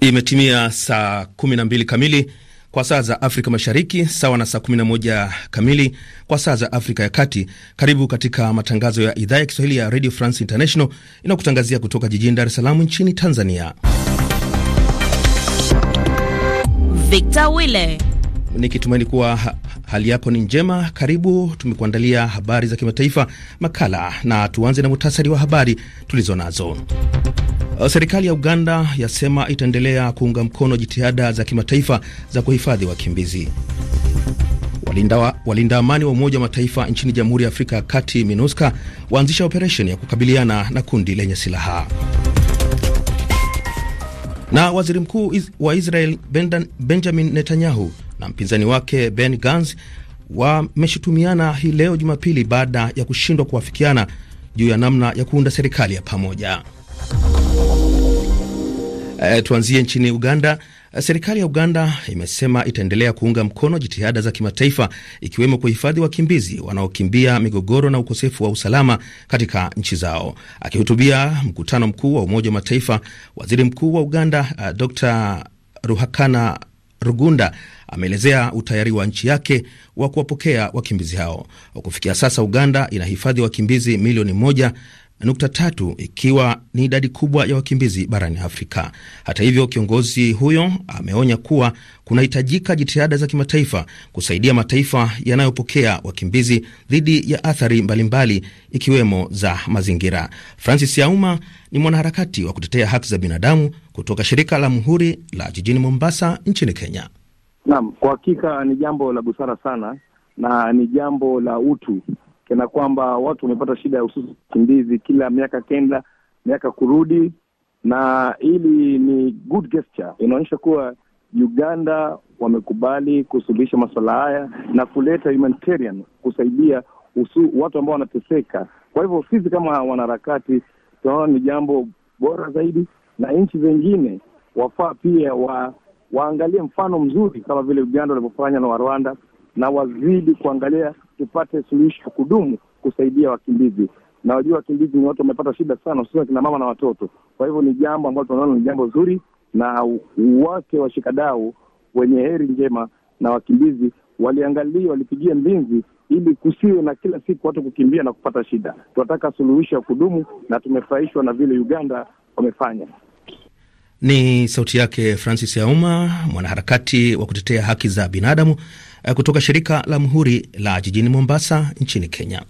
Imetimia saa 12 kamili kwa saa za Afrika Mashariki, sawa na saa 11 kamili kwa saa za Afrika ya Kati. Karibu katika matangazo ya idhaa ya Kiswahili ya Radio France International inayokutangazia kutoka jijini Dar es Salaam nchini Tanzania. Victor Wille Nikitumaini kuwa hali yako ni njema, karibu. Tumekuandalia habari za kimataifa, makala, na tuanze na muhtasari wa habari tulizo nazo. Uh, serikali ya Uganda yasema itaendelea kuunga mkono jitihada za kimataifa za kuhifadhi wakimbizi. Walinda, wa, walinda amani wa Umoja wa Mataifa nchini Jamhuri ya Afrika ya Kati, MINUSCA, waanzisha operesheni ya kukabiliana na kundi lenye silaha na waziri mkuu wa Israel Benjamin Netanyahu na mpinzani wake Ben Gans wameshutumiana hii leo Jumapili baada ya kushindwa kuafikiana juu ya namna ya kuunda serikali ya pamoja. E, tuanzie nchini Uganda. E, serikali ya Uganda imesema itaendelea kuunga mkono jitihada za kimataifa ikiwemo kuhifadhi wakimbizi wanaokimbia migogoro na ukosefu wa usalama katika nchi zao. Akihutubia mkutano mkuu wa Umoja wa Mataifa, waziri mkuu wa Uganda e, Dr. Ruhakana Rugunda ameelezea utayari wa nchi yake wa kuwapokea wakimbizi hao. Kufikia sasa, Uganda inahifadhi wakimbizi milioni moja nukta tatu ikiwa ni idadi kubwa ya wakimbizi barani Afrika. Hata hivyo, kiongozi huyo ameonya kuwa kunahitajika jitihada za kimataifa kusaidia mataifa yanayopokea wakimbizi dhidi ya athari mbalimbali mbali, ikiwemo za mazingira. Francis Yauma ni mwanaharakati wa kutetea haki za binadamu kutoka shirika la Muhuri la jijini Mombasa nchini Kenya. Naam, kwa hakika ni jambo la busara sana na ni jambo la utu, kena kwamba watu wamepata shida ya hususi wakimbizi kila miaka kenda miaka kurudi, na hili ni good gesture, inaonyesha kuwa Uganda wamekubali kusuluhisha masuala haya na kuleta humanitarian kusaidia usu, watu ambao wanateseka. Kwa hivyo sisi kama wanaharakati tunaona ni jambo bora zaidi, na nchi zingine wafaa pia wa waangalie mfano mzuri kama vile Uganda walivyofanya na Warwanda, na wazidi kuangalia tupate suluhisho ya kudumu kusaidia wakimbizi. Na wakimbizi ni watu wamepata shida sana, hususan kina mama na watoto. Kwa hivyo ni jambo ambalo tunaona ni jambo zuri, na wake washikadau wenye heri njema na wakimbizi waliangalia, walipigia mbinzi ili kusiwe na kila siku watu kukimbia na kupata shida. Tunataka suluhisho ya kudumu, na tumefurahishwa na vile Uganda wamefanya. Ni sauti yake Francis Yauma, mwanaharakati wa kutetea haki za binadamu eh, kutoka shirika la Mhuri la jijini Mombasa nchini Kenya.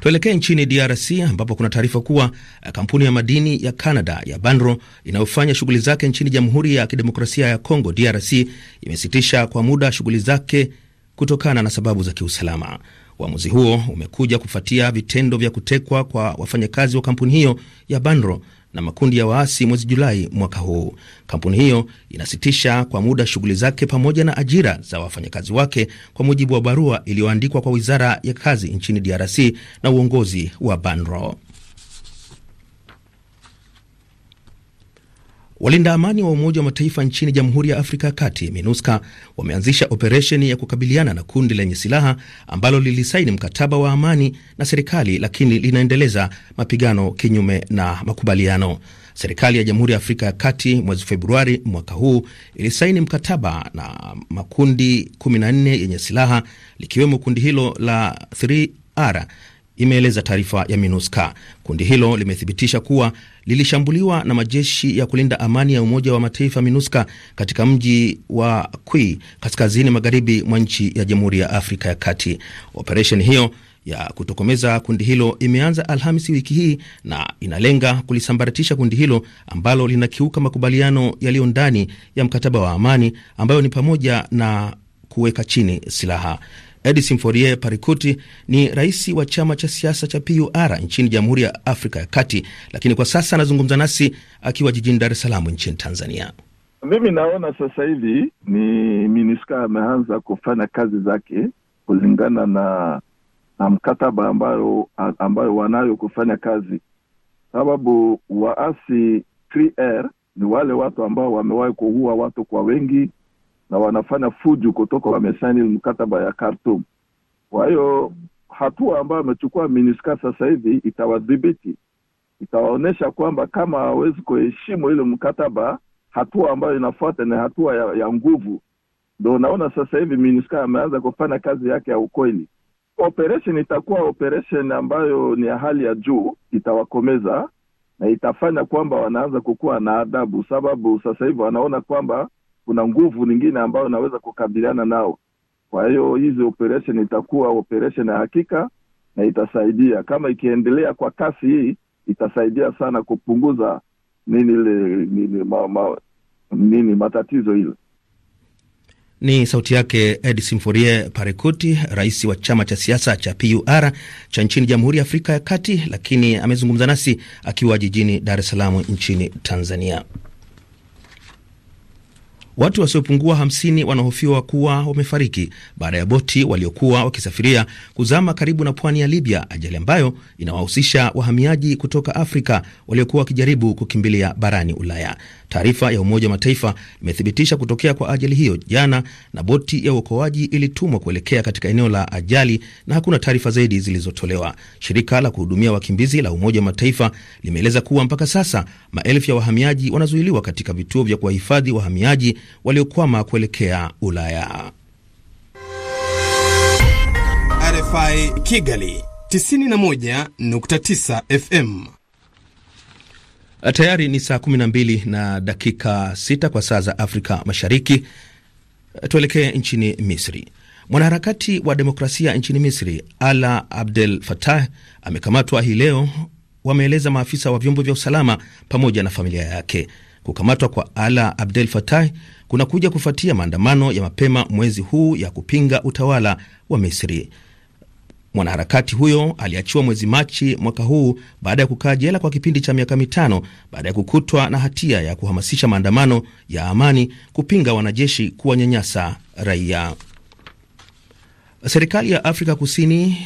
Tuelekee nchini DRC ambapo kuna taarifa kuwa eh, kampuni ya madini ya Canada ya Banro inayofanya shughuli zake nchini Jamhuri ya Kidemokrasia ya Kongo DRC imesitisha kwa muda shughuli zake kutokana na sababu za kiusalama. Uamuzi huo umekuja kufuatia vitendo vya kutekwa kwa wafanyakazi wa kampuni hiyo ya Banro na makundi ya waasi mwezi Julai mwaka huu. Kampuni hiyo inasitisha kwa muda shughuli zake pamoja na ajira za wafanyakazi wake, kwa mujibu wa barua iliyoandikwa kwa wizara ya kazi nchini DRC na uongozi wa Banro. Walinda amani wa Umoja wa Mataifa nchini Jamhuri ya Afrika ya Kati, MINUSCA, wameanzisha operesheni ya kukabiliana na kundi lenye silaha ambalo lilisaini mkataba wa amani na serikali, lakini linaendeleza mapigano kinyume na makubaliano. Serikali ya Jamhuri ya Afrika ya Kati mwezi Februari mwaka huu ilisaini mkataba na makundi 14 yenye silaha likiwemo kundi hilo la 3R, imeeleza taarifa ya MINUSCA. Kundi hilo limethibitisha kuwa lilishambuliwa na majeshi ya kulinda amani ya Umoja wa Mataifa minuska katika mji wa Kwi kaskazini magharibi mwa nchi ya Jamhuri ya Afrika ya Kati. Operesheni hiyo ya kutokomeza kundi hilo imeanza Alhamisi wiki hii na inalenga kulisambaratisha kundi hilo ambalo linakiuka makubaliano yaliyo ndani ya mkataba wa amani ambayo ni pamoja na kuweka chini silaha. Edison Forie Parikuti ni rais wa chama cha siasa cha PUR nchini Jamhuri ya Afrika ya Kati, lakini kwa sasa anazungumza nasi akiwa jijini Dar es Salaam nchini Tanzania. Mimi naona sasa hivi ni MINUSCA ameanza kufanya kazi zake kulingana na, na mkataba ambayo, ambayo wanayo kufanya kazi, sababu waasi 3R ni wale watu ambao wamewahi kuua watu kwa wengi na wanafanya fuju kutoka wamesaini mkataba ya kartum Kwa hiyo hatua ambayo amechukua MINUSCA sasa hivi itawadhibiti, itawaonyesha kwamba kama hawezi kuheshimu ile mkataba, hatua ambayo inafuata ni hatua ya, ya nguvu. Ndo unaona sasa hivi MINUSCA ameanza kufanya kazi yake ya ukweli. Operation itakuwa operation ambayo ni ya hali ya juu, itawakomeza na itafanya kwamba wanaanza kukuwa na adabu, sababu sasa hivi wanaona kwamba kuna nguvu nyingine ambayo inaweza kukabiliana nao. Kwa hiyo hizi operation itakuwa operation ya hakika na itasaidia, kama ikiendelea kwa kasi hii, itasaidia sana kupunguza nini ile nini, ma, ma, nini matatizo ile. Ni sauti yake Ed Simforie Parekuti, rais wa chama cha siasa cha PUR cha nchini Jamhuri ya Afrika ya Kati, lakini amezungumza nasi akiwa jijini Dar es Salaam nchini Tanzania. Watu wasiopungua hamsini wanahofiwa kuwa wamefariki baada ya boti waliokuwa wakisafiria kuzama karibu na pwani ya Libya, ajali ambayo inawahusisha wahamiaji kutoka Afrika waliokuwa wakijaribu kukimbilia barani Ulaya. Taarifa ya Umoja wa Mataifa imethibitisha kutokea kwa ajali hiyo jana, na boti ya uokoaji ilitumwa kuelekea katika eneo la ajali na hakuna taarifa zaidi zilizotolewa. Shirika la kuhudumia wakimbizi la Umoja wa Mataifa limeeleza kuwa mpaka sasa maelfu ya wahamiaji wanazuiliwa katika vituo vya kuwahifadhi wahamiaji waliokwama kuelekea Ulaya. RFI Kigali 91.9 FM. Tayari ni saa 12 na dakika 6 kwa saa za Afrika Mashariki. Tuelekee nchini Misri. Mwanaharakati wa demokrasia nchini Misri, Ala Abdel Fattah, amekamatwa hii leo, wameeleza maafisa wa vyombo vya usalama pamoja na familia yake. Kukamatwa kwa Ala Abdel Fattah kunakuja kufuatia maandamano ya mapema mwezi huu ya kupinga utawala wa Misri. Mwanaharakati huyo aliachiwa mwezi Machi mwaka huu baada ya kukaa jela kwa kipindi cha miaka mitano baada ya kukutwa na hatia ya kuhamasisha maandamano ya amani kupinga wanajeshi kuwanyanyasa raia. Serikali ya Afrika Kusini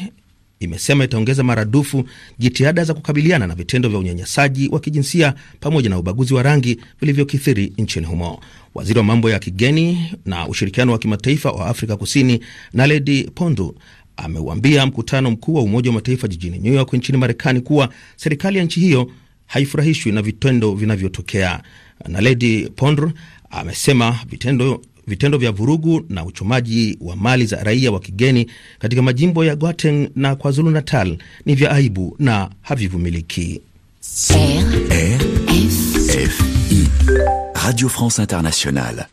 imesema itaongeza maradufu jitihada za kukabiliana na vitendo vya unyanyasaji wa kijinsia pamoja na ubaguzi wa rangi vilivyokithiri nchini humo. Waziri wa mambo ya kigeni na ushirikiano wa kimataifa wa Afrika Kusini Naledi Pandor ameuambia mkutano mkuu wa Umoja wa Mataifa jijini New York nchini Marekani kuwa serikali ya nchi hiyo haifurahishwi na vitendo vinavyotokea. Naledi Pandor amesema vitendo vitendo vya vurugu na uchomaji wa mali za raia wa kigeni katika majimbo ya Gauteng na KwaZulu Natal ni vya aibu na havivumiliki. RFI, Radio France Internationale.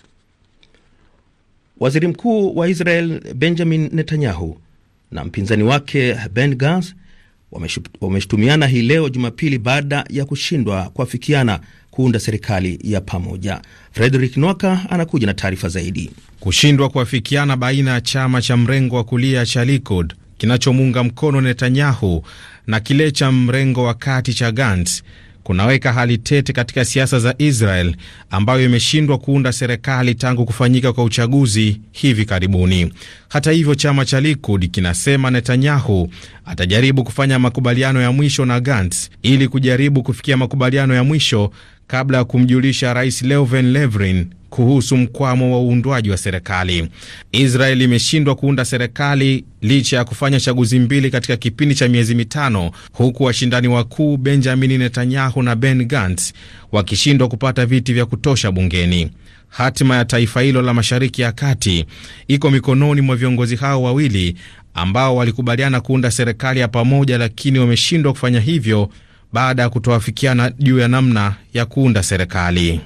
Waziri Mkuu wa Israel Benjamin Netanyahu na mpinzani wake Ben Gans wameshutumiana hii leo Jumapili baada ya kushindwa kuafikiana kuunda serikali ya pamoja. Frederick Nwaka anakuja na taarifa zaidi. Kushindwa kuafikiana baina ya chama cha mrengo wa kulia cha Likud kinachomuunga mkono Netanyahu na kile cha mrengo wa kati cha Gantz kunaweka hali tete katika siasa za Israel ambayo imeshindwa kuunda serikali tangu kufanyika kwa uchaguzi hivi karibuni. Hata hivyo, chama cha Likud kinasema Netanyahu atajaribu kufanya makubaliano ya mwisho na Gantz ili kujaribu kufikia makubaliano ya mwisho kabla ya kumjulisha Rais Reuven Rivlin kuhusu mkwamo wa uundwaji wa serikali. Israel imeshindwa kuunda serikali licha ya kufanya chaguzi mbili katika kipindi cha miezi mitano, huku washindani wakuu Benjamin Netanyahu na Ben Gantz wakishindwa kupata viti vya kutosha bungeni. Hatima ya taifa hilo la Mashariki ya Kati iko mikononi mwa viongozi hao wawili ambao walikubaliana kuunda serikali ya pamoja, lakini wameshindwa kufanya hivyo baada ya kutoafikiana juu ya namna ya kuunda serikali.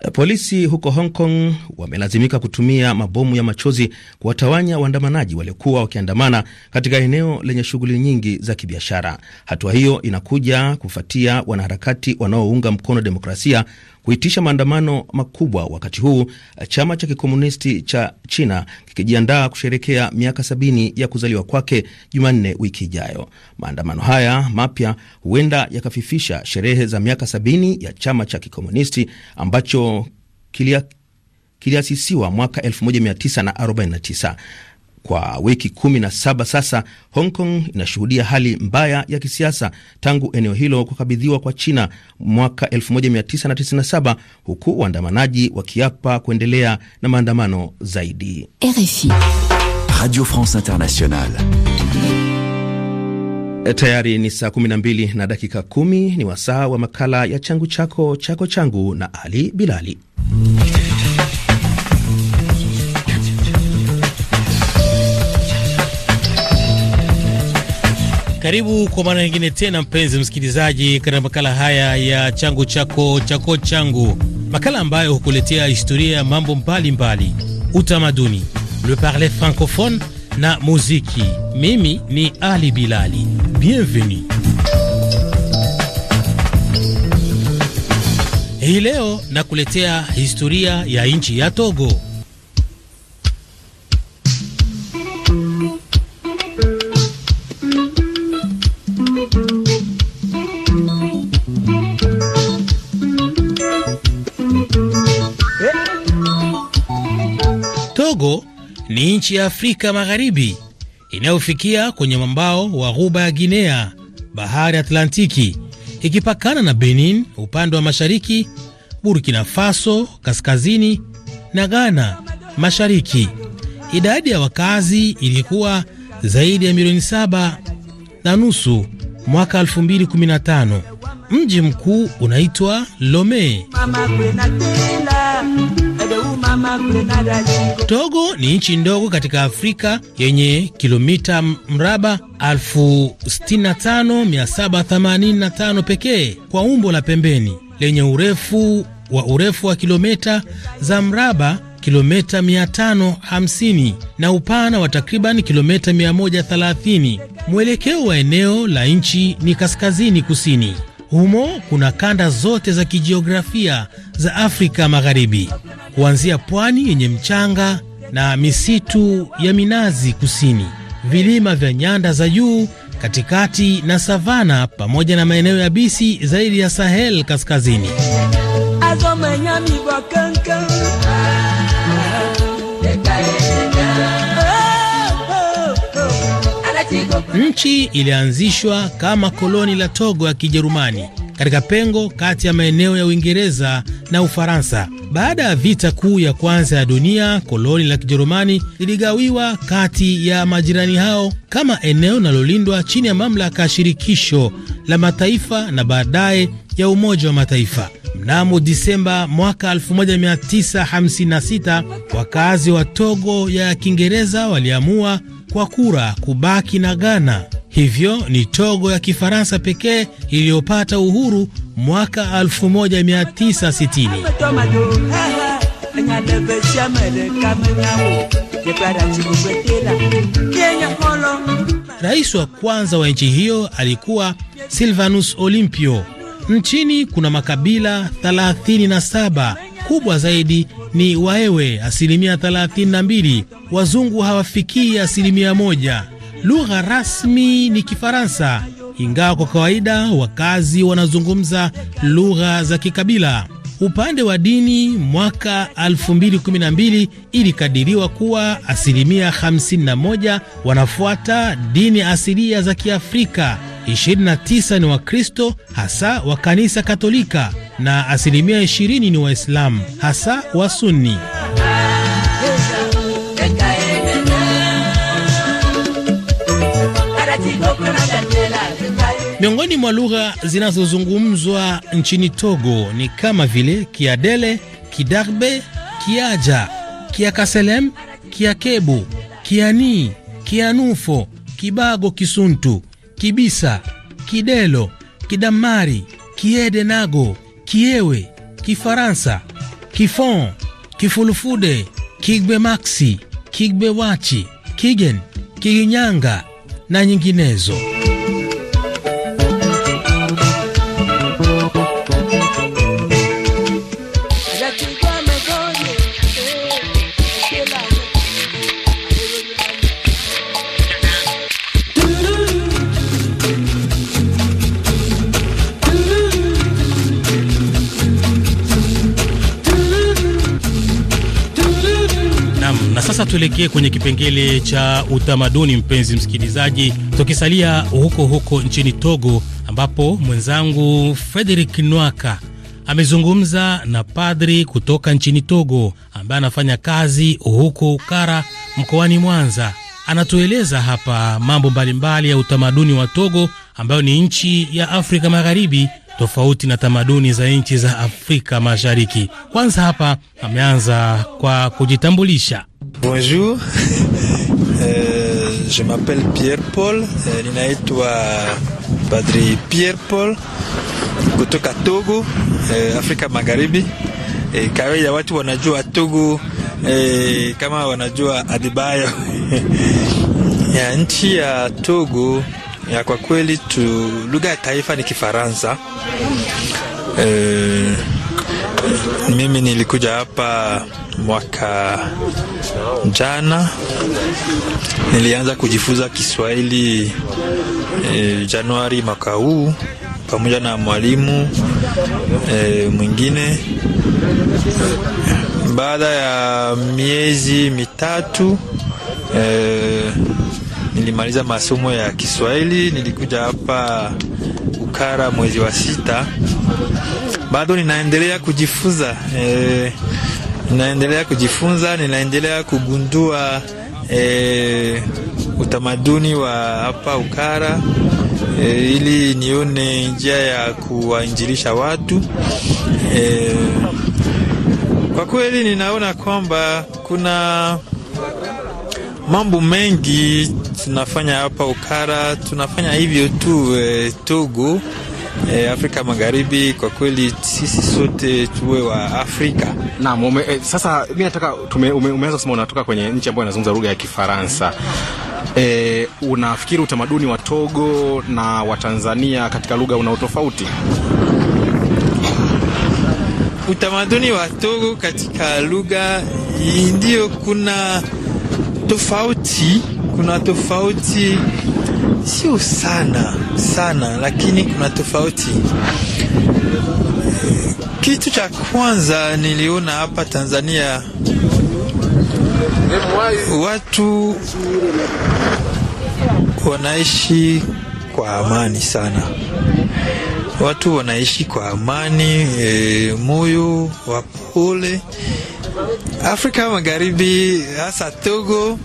Eh, polisi huko Hong Kong wamelazimika kutumia mabomu ya machozi kuwatawanya waandamanaji waliokuwa wakiandamana katika eneo lenye shughuli nyingi za kibiashara. Hatua hiyo inakuja kufuatia wanaharakati wanaounga mkono demokrasia kuitisha maandamano makubwa, wakati huu eh, chama cha kikomunisti cha China kikijiandaa kusherekea miaka sabini ya kuzaliwa kwake Jumanne wiki ijayo. Maandamano haya mapya huenda yakafifisha sherehe za miaka sabini ya chama cha kikomunisti ambacho kilia kiliasisiwa mwaka 1949. Kwa wiki kumi na saba sasa, Hong Kong inashuhudia hali mbaya ya kisiasa tangu eneo hilo kukabidhiwa kwa China mwaka 1997 huku waandamanaji wakiapa kuendelea na maandamano zaidi. RFI, Radio France Internationale. E, tayari ni saa 12 na dakika kumi Ni wasaa wa makala ya changu chako chako changu na Ali Bilali. Karibu kwa mara nyingine tena, mpenzi msikilizaji, katika makala haya ya changu chako chako changu, makala ambayo hukuletea historia ya mambo mbalimbali, utamaduni, le parler francophone na muziki. Mimi ni Ali Bilali, bienvenue. Hii leo nakuletea historia ya nchi ya Togo. Togo ni nchi ya Afrika Magharibi inayofikia kwenye mwambao wa ghuba ya Guinea, bahari Atlantiki, ikipakana na Benin upande wa mashariki, Burkina Faso kaskazini na Ghana mashariki. Idadi ya wakazi ilikuwa zaidi ya milioni saba na nusu mwaka 2015. Mji mkuu unaitwa Lome. Togo ni nchi ndogo katika Afrika yenye kilomita mraba 65785 pekee kwa umbo la pembeni lenye urefu wa urefu wa kilomita za mraba kilomita 550 na upana wa takriban kilomita 130. Mwelekeo wa eneo la nchi ni kaskazini kusini. Humo kuna kanda zote za kijiografia za Afrika Magharibi, kuanzia pwani yenye mchanga na misitu ya minazi kusini, vilima vya nyanda za juu katikati na savana pamoja na maeneo ya bisi zaidi ya Sahel kaskazini. Nchi ilianzishwa kama koloni la Togo ya Kijerumani katika pengo kati ya maeneo ya Uingereza na Ufaransa. Baada ya vita kuu ya kwanza ya dunia, koloni la Kijerumani liligawiwa kati ya majirani hao kama eneo linalolindwa chini ya mamlaka ya shirikisho la mataifa na baadaye ya Umoja wa Mataifa. Mnamo Disemba mwaka 1956 wakazi wa Togo ya Kiingereza waliamua kwa kura kubaki na Ghana. Hivyo ni Togo ya Kifaransa pekee iliyopata uhuru mwaka 1960. Rais wa kwanza wa nchi hiyo alikuwa Silvanus Olimpio. Nchini kuna makabila 37 kubwa zaidi ni Waewe asilimia 32, wazungu hawafikii asilimia moja. Lugha rasmi ni Kifaransa, ingawa kwa kawaida wakazi wanazungumza lugha za kikabila. Upande wa dini, mwaka 2012 ilikadiriwa kuwa asilimia 51 wanafuata dini asilia za Kiafrika 29 ni Wakristo hasa wa kanisa Katolika na asilimia 20 ni Waislamu hasa wa Sunni. Miongoni mwa lugha zinazozungumzwa nchini Togo ni kama vile Kiadele, Kidarbe, Kiaja, Kiakaselem, Kiakebu, Kiani, Kianufo, Kibago, Kisuntu, Kibisa, Kidelo, Kidamari, Kiede Nago, Kiewe, Kifaransa, Kifon, Kifulufude, Kigbe Maxi, Kigbe Wachi, Kigen, Kiginyanga na nyinginezo. Sasa tuelekee kwenye kipengele cha utamaduni, mpenzi msikilizaji, tukisalia huko huko nchini Togo, ambapo mwenzangu Frederick Nwaka amezungumza na padri kutoka nchini Togo ambaye anafanya kazi huko Ukara mkoani Mwanza. Anatueleza hapa mambo mbalimbali ya utamaduni wa Togo ambayo ni nchi ya Afrika Magharibi tofauti na tamaduni za nchi za Afrika Mashariki. Kwanza hapa ameanza kwa kujitambulisha. Bonjour. Euh, je m'appelle Pierre Paul, euh, ninaitwa Padri Pierre Paul kutoka Togo, eh, Afrika Magharibi. Eh, kawaida watu wanajua Togo eh, kama wanajua Adebayo ya nchi ya Togo ya kwa kweli tu lugha ya taifa ni Kifaransa eh, mimi nilikuja hapa mwaka jana, nilianza kujifunza Kiswahili eh, Januari mwaka huu pamoja na mwalimu eh, mwingine. Baada ya miezi mitatu eh, nilimaliza masomo ya Kiswahili. Nilikuja hapa Ukara mwezi wa sita bado ninaendelea kujifunza e, ninaendelea kujifunza, ninaendelea kugundua e, utamaduni wa hapa Ukara e, ili nione njia ya kuwainjilisha watu e, kwa kweli ninaona kwamba kuna mambo mengi tunafanya hapa Ukara, tunafanya hivyo tu e, Togo e, Afrika Magharibi. Kwa kweli sisi sote tuwe wa Afrika. Naam, ume, e, sasa mimi nataka tume, ume, kusema unatoka kwenye nchi ambayo inazungumza lugha ya Kifaransa. E, unafikiri utamaduni wa Togo na wa Tanzania katika lugha una utofauti? Utamaduni wa Togo katika lugha ndio, kuna tofauti, kuna tofauti sio sana sana, lakini kuna tofauti. Kitu cha kwanza niliona hapa Tanzania watu wanaishi kwa amani sana, watu wanaishi kwa amani e, moyo wa pole. Afrika Magharibi hasa Togo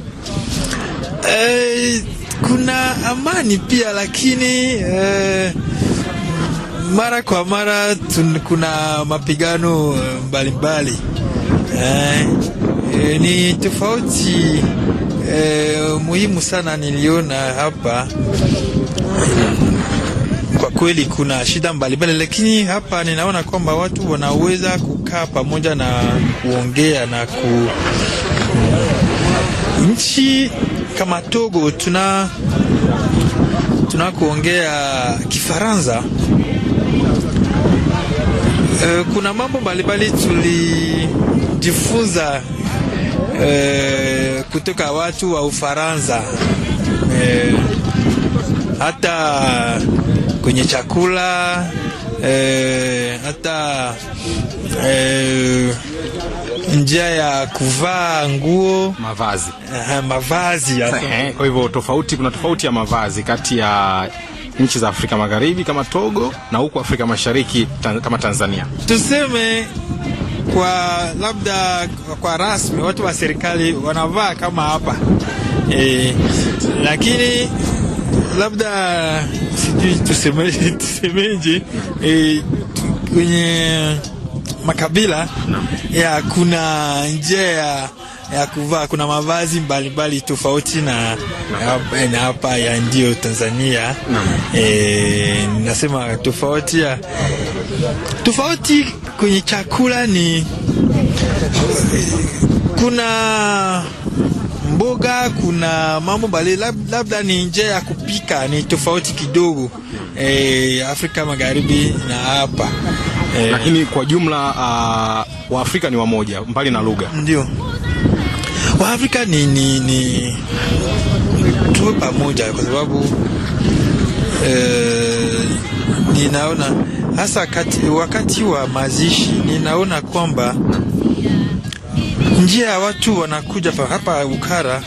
e, kuna amani pia, lakini eh, mara kwa mara tun, kuna mapigano eh, mbalimbali eh, eh, ni tofauti eh, muhimu sana niliona hapa kwa kweli kuna shida mbalimbali, lakini hapa ninaona kwamba watu wanaweza kukaa pamoja na kuongea na ku nchi kama Togo tuna tunakoongea Kifaransa e, kuna mambo mbalimbali tulijifunza e, kutoka watu wa Ufaransa e, hata kwenye chakula e, hata e, njia ya kuvaa nguo, mavazi, uh, mavazi. Kwa hivyo tofauti, kuna tofauti ya mavazi kati ya nchi za Afrika Magharibi kama Togo na huku Afrika Mashariki tan, kama Tanzania tuseme kwa labda kwa rasmi watu wa serikali wanavaa kama hapa e, lakini labda sijui tusemeje, tusemeje e, kwenye makabila no. ya kuna njia ya, ya kuvaa, kuna mavazi mbalimbali tofauti na no. hapa ya ndio Tanzania no. E, nasema tofauti ya tofauti kwenye chakula ni kuna mboga kuna mambo mbali lab, labda ni njia ya kupika ni tofauti kidogo e, Afrika Magharibi na hapa eh. Lakini kwa jumla uh, Waafrika ni wamoja mbali na lugha, ndio Waafrika ni, ni, ni tuwe pamoja kwa sababu eh, ninaona hasa wakati wa mazishi ninaona kwamba njia ya watu wanakuja pa, hapa Ukara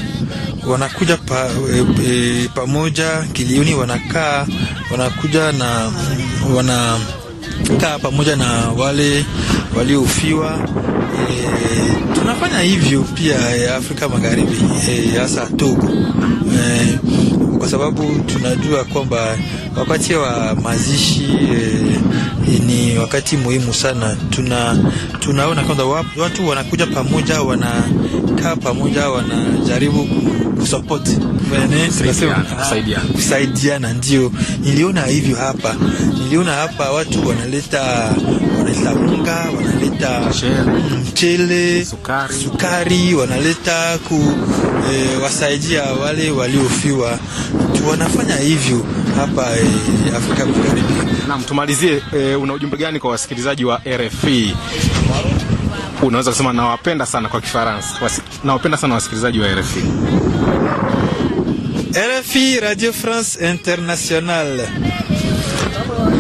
wanakuja pa, e, pamoja kiliuni, wanakaa wanakuja na wana kaa pamoja na wale waliofiwa e, tunafanya hivyo pia eh, Afrika Magharibi eh, hasa e, Togo e, kwa sababu tunajua kwamba wakati wa mazishi e, ni wakati muhimu sana. Tuna, tunaona kwamba watu wanakuja pamoja, wanakaa pamoja, wanajaribu kusapoti ah, kusaidiana. Ndio niliona hivyo hapa, niliona hapa watu wanaleta wanaleta unga, wanaleta mchele, sukari, sukari wanaleta ku e, wasaidia wale waliofiwa. Wanafanya hivyo hapa e, Afrika Magharibi. Naam, tumalizie e, una ujumbe gani kwa wasikilizaji wa RFI? E? Unaweza kusema nawapenda sana kwa Kifaransa. Nawapenda sana wasikilizaji wa RFI. E. RFI e, Radio France Internationale.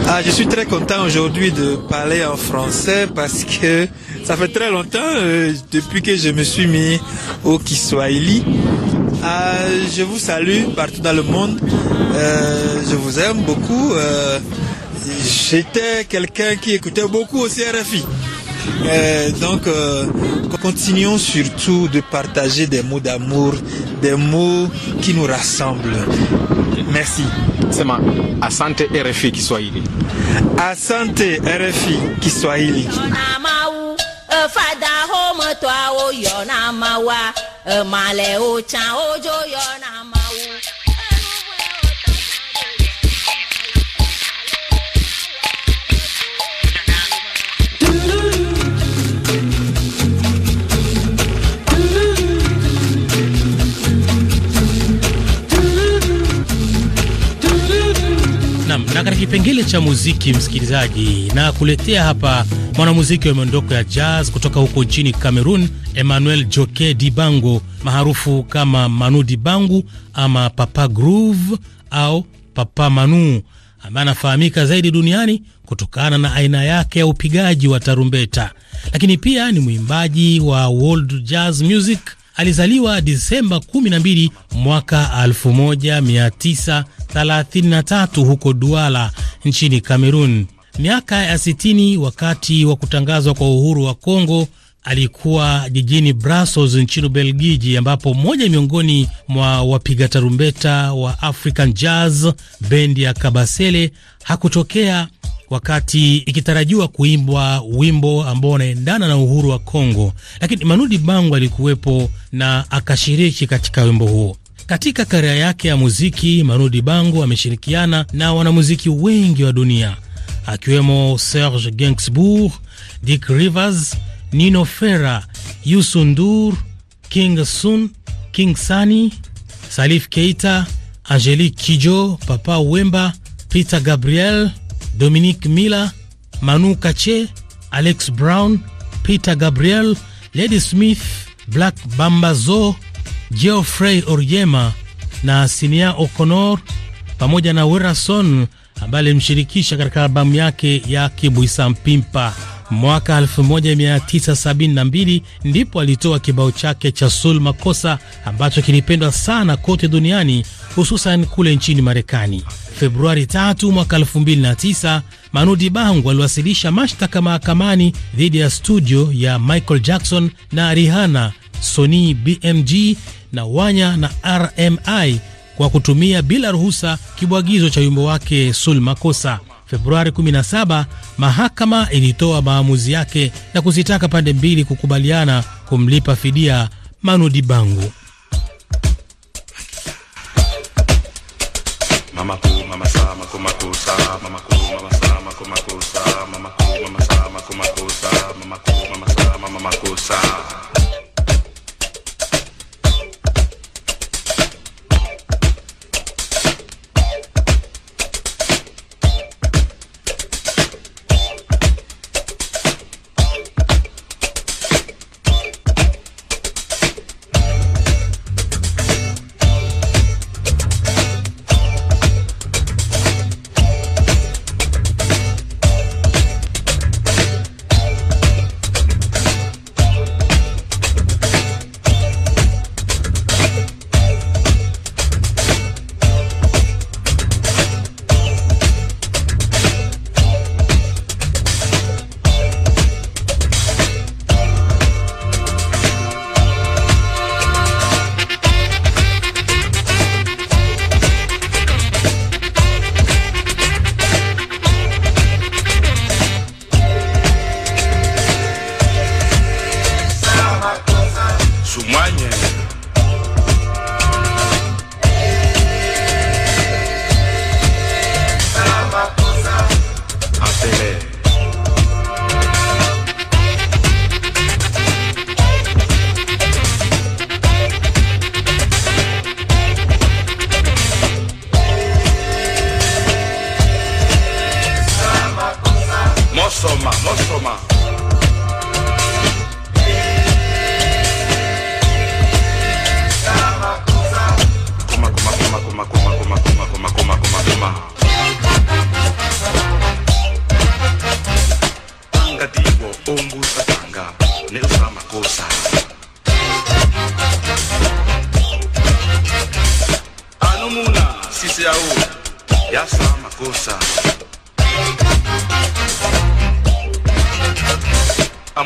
Ah, je suis très content aujourd'hui de parler en français parce que Ça fait très longtemps, euh, depuis que je me suis mis au Kiswahili. Euh, je vous salue partout dans le monde. Euh, je vous aime beaucoup. J'étais quelqu'un qui écoutait beaucoup au CRFI. donc, continuons surtout de partager des mots d'amour, des mots qui nous rassemblent. Merci. C'est À santé RFI Kiswahili. santé RFI Kiswahili. fada homo a o yona mawa eh, male o chan o jo yona Na katika kipengele cha muziki, msikilizaji, na kuletea hapa mwanamuziki wa miondoko ya jazz kutoka huko nchini Cameroon, Emmanuel Joke Dibango maarufu kama Manu Dibangu ama Papa Groove au Papa Manu, ambaye anafahamika zaidi duniani kutokana na aina yake ya upigaji wa tarumbeta, lakini pia ni mwimbaji wa world jazz music alizaliwa Disemba 12 mwaka 1933 huko Duala nchini Kamerun. Miaka ya 60, wakati wa kutangazwa kwa uhuru wa Kongo, alikuwa jijini Brussels nchini Ubelgiji, ambapo mmoja miongoni mwa wapiga tarumbeta wa African Jazz bendi ya Kabasele hakutokea wakati ikitarajiwa kuimbwa wimbo ambao unaendana na uhuru wa Kongo, lakini Manudi Bango alikuwepo na akashiriki katika wimbo huo. Katika karia yake ya muziki, Manudi Bango ameshirikiana na wanamuziki wengi wa dunia akiwemo Serge Gainsbourg, Dick Rivers, Nino Ferrer, Youssou N'Dour, King Sun, King Sani, Salif Keita, Angelique Kidjo, Papa Wemba, Peter Gabriel Dominic Miller, Manu Kache, Alex Brown, Peter Gabriel, Lady Smith, Black Bambazo, Geoffrey Oryema na Sinia O'Connor pamoja na Werason ambaye alimshirikisha katika albamu yake ya Kibuisa Mpimpa. Mwaka 1972 ndipo alitoa kibao chake cha Soul Makossa ambacho kilipendwa sana kote duniani hususan kule nchini Marekani. Februari 3 mwaka 2009, Manu Dibango aliwasilisha mashtaka mahakamani dhidi ya studio ya Michael Jackson na Rihanna, Sony BMG na Wanya na RMI kwa kutumia bila ruhusa kibwagizo cha wimbo wake Soul Makossa. Februari 17 mahakama ilitoa maamuzi yake na kuzitaka pande mbili kukubaliana kumlipa fidia Manu Dibangu. Mama ku, mama sa, mama ku, mama ku, mama ku, mama kusa, mama ku.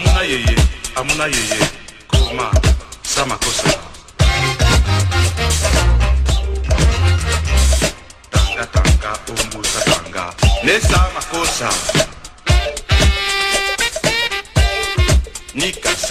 amuna yeye amuna yeye koma kosa. tanga tanga umbusa tanga ne sama kosa. nikas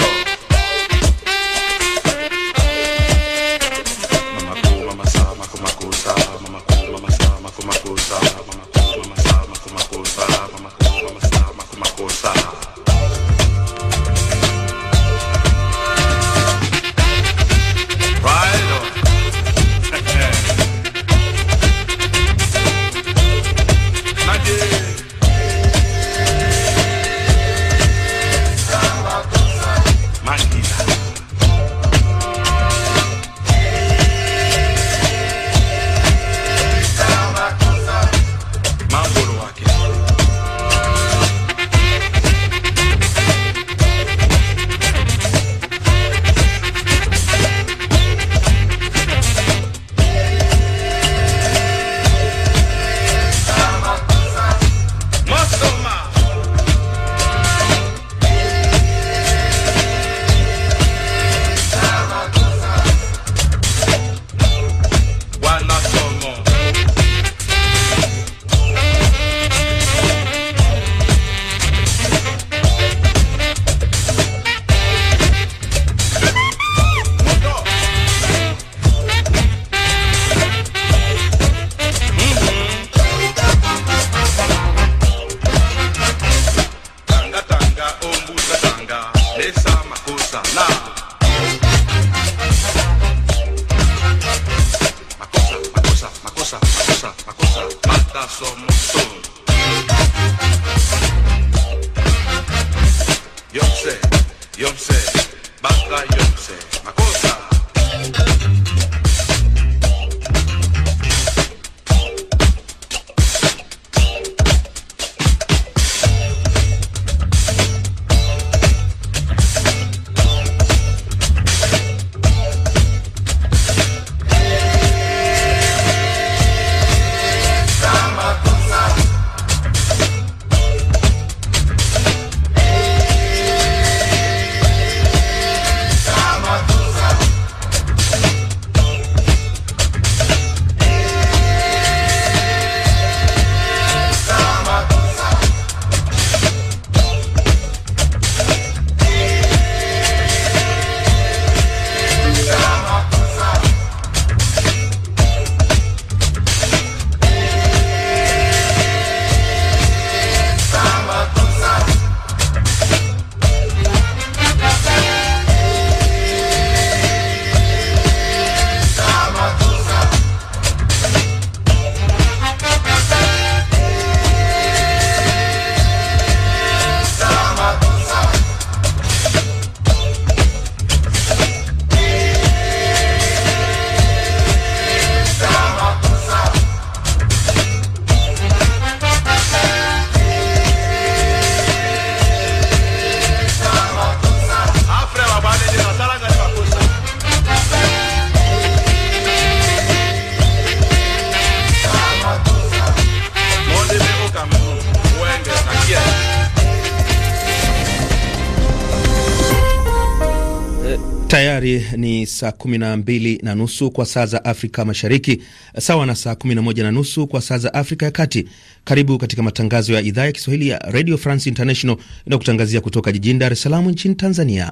Tayari ni saa kumi na mbili na nusu kwa saa za Afrika Mashariki, sawa na saa kumi na moja na nusu kwa saa za Afrika ya Kati. Karibu katika matangazo ya idhaa ya Kiswahili ya Radio France International inayokutangazia kutoka jijini Dar es Salaam nchini Tanzania.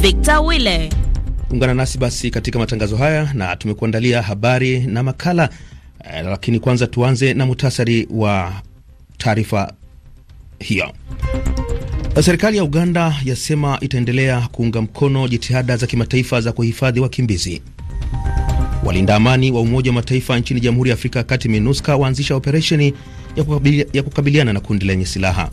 Victor Wille, ungana nasi basi katika matangazo haya na tumekuandalia habari na makala eh, lakini kwanza tuanze na muhtasari wa taarifa hiyo. Serikali ya Uganda yasema itaendelea kuunga mkono jitihada za kimataifa za kuhifadhi wakimbizi. Walinda amani wa Umoja wa Mataifa nchini Jamhuri ya Afrika ya Kati, MINUSCA, waanzisha operesheni ya, ya kukabiliana na kundi lenye silaha.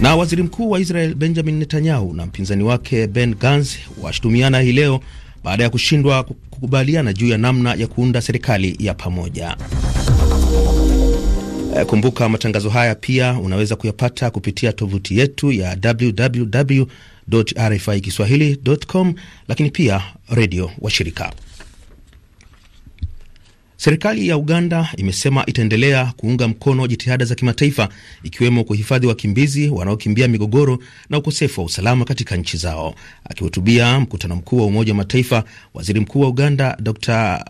Na waziri mkuu wa Israel Benjamin Netanyahu na mpinzani wake Ben Gantz washutumiana hii leo baada ya kushindwa kukubaliana juu ya namna ya kuunda serikali ya pamoja. Eh, kumbuka matangazo haya pia unaweza kuyapata kupitia tovuti yetu ya www.rfikiswahili.com, lakini pia redio wa shirika Serikali ya Uganda imesema itaendelea kuunga mkono jitihada za kimataifa ikiwemo kuhifadhi wakimbizi wanaokimbia migogoro na ukosefu wa usalama katika nchi zao. Akihutubia mkutano mkuu wa Umoja wa Mataifa, waziri mkuu wa Uganda Dr.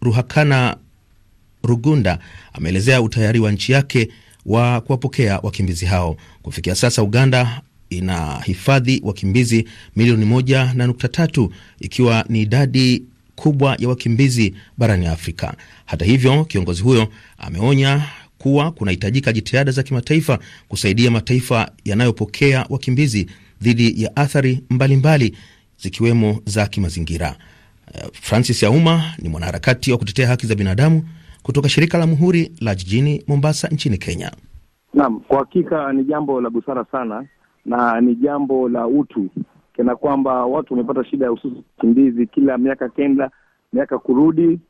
Ruhakana Rugunda ameelezea utayari wa nchi yake wa kuwapokea wakimbizi hao. Kufikia sasa Uganda ina hifadhi wakimbizi milioni moja na nukta tatu ikiwa ni idadi kubwa ya wakimbizi barani Afrika. Hata hivyo, kiongozi huyo ameonya kuwa kunahitajika jitihada za kimataifa kusaidia mataifa yanayopokea wakimbizi dhidi ya athari mbalimbali mbali, zikiwemo za kimazingira. Eh, Francis Auma ni mwanaharakati wa kutetea haki za binadamu kutoka shirika la Muhuri la jijini Mombasa nchini Kenya. Naam, kwa hakika ni jambo la busara sana na ni jambo la utu, kana kwamba watu wamepata shida ya hususi kimbizi kila miaka kenda miaka kurudi,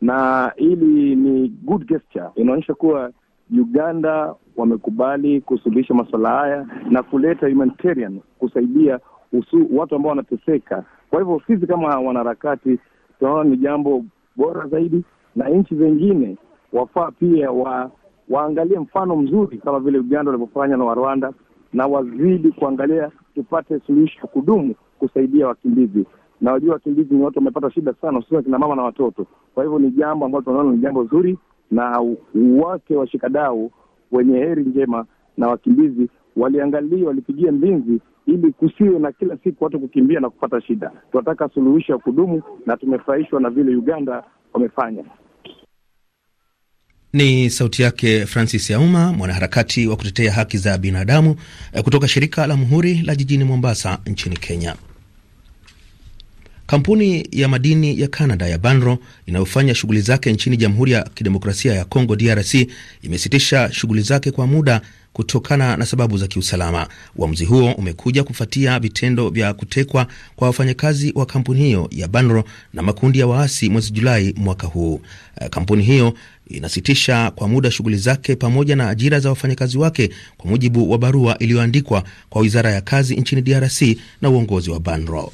na hili ni good gesture, inaonyesha kuwa Uganda wamekubali kusuluhisha masuala haya na kuleta humanitarian kusaidia usu, watu ambao wanateseka. Kwa hivyo sisi kama wanaharakati tunaona ni jambo bora zaidi na nchi zengine wafaa pia wa, waangalie mfano mzuri kama vile Uganda walivyofanya na Warwanda, na wazidi kuangalia tupate suluhisho ya kudumu kusaidia wakimbizi na wajua wakimbizi ni watu wamepata shida sana, hususan kina mama na watoto. Kwa hivyo ni jambo ambalo tunaona ni jambo zuri, na wake washikadau wenye heri njema na wakimbizi waliangalia, walipigia mbinzi ili kusiwe na kila siku watu kukimbia na kupata shida. Tunataka suluhisho ya kudumu, na tumefurahishwa na vile Uganda wamefanya. Ni sauti yake Francis Yauma, mwanaharakati wa kutetea haki za binadamu eh, kutoka shirika la Muhuri la jijini Mombasa nchini Kenya. Kampuni ya madini ya Canada ya Banro inayofanya shughuli zake nchini Jamhuri ya Kidemokrasia ya Kongo, DRC, imesitisha shughuli zake kwa muda kutokana na sababu za kiusalama. Uamuzi huo umekuja kufuatia vitendo vya kutekwa kwa wafanyakazi wa kampuni hiyo ya Banro na makundi ya waasi mwezi Julai mwaka huu. Eh, kampuni hiyo inasitisha kwa muda shughuli zake pamoja na ajira za wafanyakazi wake kwa mujibu wa barua iliyoandikwa kwa wizara ya kazi nchini DRC na uongozi wa Banro.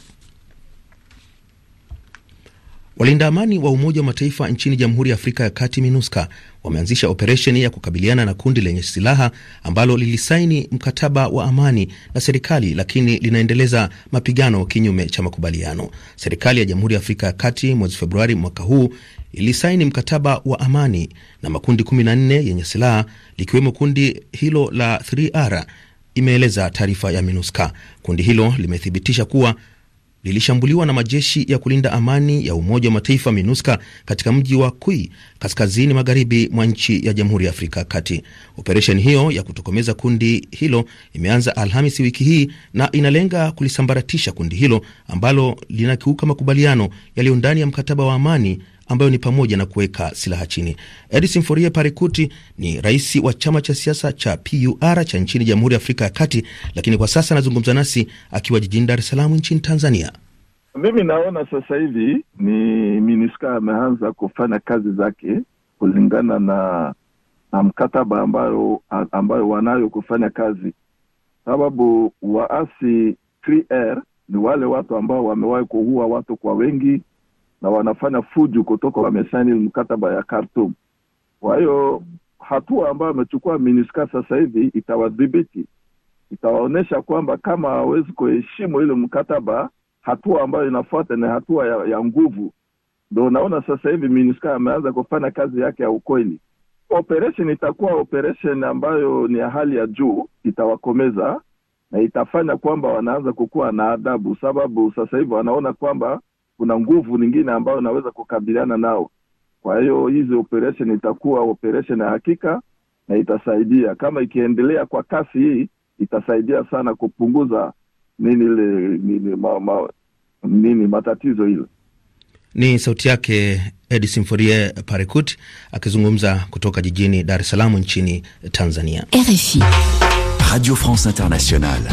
Walinda amani wa Umoja wa Mataifa nchini Jamhuri ya Afrika ya Kati, MINUSCA, wameanzisha operesheni ya kukabiliana na kundi lenye silaha ambalo lilisaini mkataba wa amani na serikali lakini linaendeleza mapigano kinyume cha makubaliano. Serikali ya Jamhuri ya Afrika ya Kati mwezi Februari mwaka huu ilisaini mkataba wa amani na makundi 14 yenye silaha likiwemo kundi hilo la 3R, imeeleza taarifa ya MINUSCA. Kundi hilo limethibitisha kuwa lilishambuliwa na majeshi ya kulinda amani ya Umoja wa Mataifa MINUSCA katika mji wa Kui kaskazini magharibi mwa nchi ya Jamhuri ya Afrika ya Kati. Operesheni hiyo ya kutokomeza kundi hilo imeanza Alhamisi wiki hii na inalenga kulisambaratisha kundi hilo ambalo linakiuka makubaliano yaliyo ndani ya mkataba wa amani ambayo ni pamoja na kuweka silaha chini. Edison Forie Parikuti ni rais wa chama cha siasa cha PUR cha nchini Jamhuri ya Afrika ya Kati, lakini kwa sasa anazungumza nasi akiwa jijini Dar es Salaam nchini Tanzania. Mimi naona sasa hivi ni MINUSCA ameanza kufanya kazi zake kulingana na, na mkataba ambayo, ambayo wanayo kufanya kazi, sababu waasi 3R ni wale watu ambao wamewahi kuua watu kwa wengi na wanafanya fuju kutoka wamesaini mkataba ya kartum Kwa hiyo hatua ambayo amechukua miniska sasa hivi itawadhibiti, itawaonyesha kwamba kama hawezi kuheshimu ile mkataba, hatua ambayo inafuata ni hatua ya, ya nguvu. Ndo unaona sasa hivi miniska ameanza kufanya kazi yake ya ukweli. Operation itakuwa operation ambayo ni ya hali ya juu, itawakomeza na itafanya kwamba wanaanza kukuwa na adabu, sababu sasa hivi wanaona kwamba kuna nguvu nyingine ambayo naweza kukabiliana nao. Kwa hiyo hizi operation itakuwa operation ya hakika na itasaidia, kama ikiendelea kwa kasi hii itasaidia sana kupunguza nini ile nini, ma, ma, nini matatizo ile. Ni sauti yake Edi Simforie Parekut akizungumza kutoka jijini Dar es Salaam nchini Tanzania. RFI Radio France Internationale.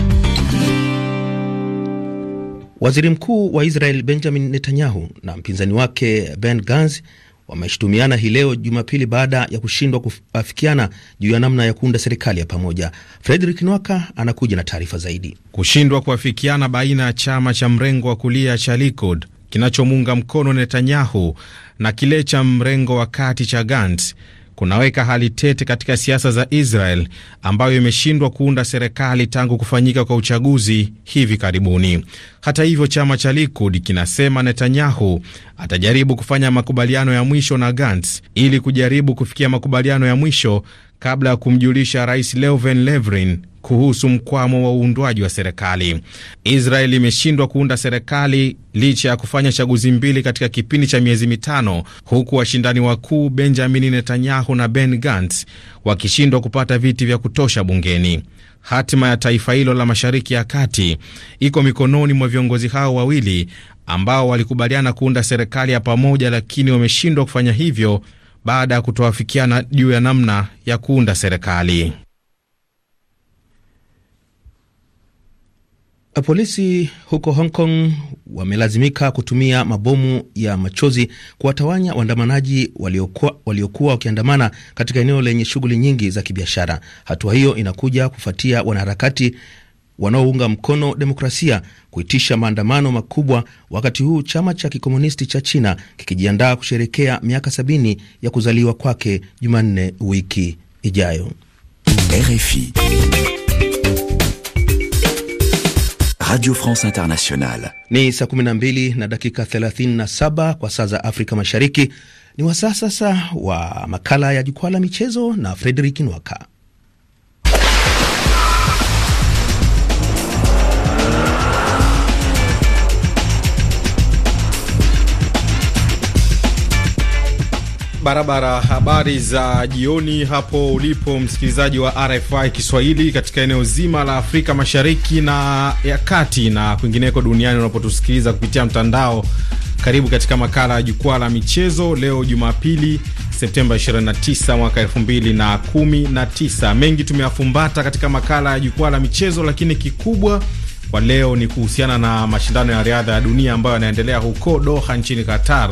Waziri mkuu wa Israel Benjamin Netanyahu na mpinzani wake Ben Gantz wameshutumiana hii leo Jumapili baada ya kushindwa kuafikiana juu ya namna ya kuunda serikali ya pamoja. fredrik Nwaka anakuja na taarifa zaidi. Kushindwa kuafikiana baina ya chama cha mrengo wa kulia cha Likud kinachomuunga mkono Netanyahu na kile cha mrengo wa kati cha Gantz kunaweka hali tete katika siasa za Israel ambayo imeshindwa kuunda serikali tangu kufanyika kwa uchaguzi hivi karibuni. Hata hivyo, chama cha Likud kinasema Netanyahu atajaribu kufanya makubaliano ya mwisho na Gantz ili kujaribu kufikia makubaliano ya mwisho kabla ya kumjulisha Rais Reuven Rivlin kuhusu mkwamo wa uundwaji wa serikali. Israel imeshindwa kuunda serikali licha ya kufanya chaguzi mbili katika kipindi cha miezi mitano, huku washindani wakuu Benjamin Netanyahu na Ben Gantz wakishindwa kupata viti vya kutosha bungeni. Hatima ya taifa hilo la Mashariki ya Kati iko mikononi mwa viongozi hao wawili ambao walikubaliana kuunda serikali ya pamoja, lakini wameshindwa kufanya hivyo baada ya kutoafikiana juu ya namna ya kuunda serikali. Polisi huko Hong Kong wamelazimika kutumia mabomu ya machozi kuwatawanya waandamanaji waliokuwa, waliokuwa wakiandamana katika eneo lenye shughuli nyingi za kibiashara. Hatua hiyo inakuja kufuatia wanaharakati wanaounga mkono demokrasia kuitisha maandamano makubwa, wakati huu chama cha kikomunisti cha China kikijiandaa kusherekea miaka sabini ya kuzaliwa kwake Jumanne wiki ijayo. RFI. Radio France Internationale. Ni saa 12 na dakika 37 kwa saa za Afrika Mashariki. Ni wasaa sasa wa makala ya jukwaa la michezo na Frederick Nwaka. barabara. Habari za jioni hapo ulipo msikilizaji wa RFI Kiswahili katika eneo zima la Afrika Mashariki na ya Kati na kwingineko duniani unapotusikiliza kupitia mtandao. Karibu katika makala ya jukwaa la michezo leo Jumapili Septemba 29 mwaka 2019. Mengi tumeyafumbata katika makala ya jukwaa la michezo, lakini kikubwa kwa leo ni kuhusiana na mashindano ya riadha ya dunia ambayo yanaendelea huko Doha nchini Qatar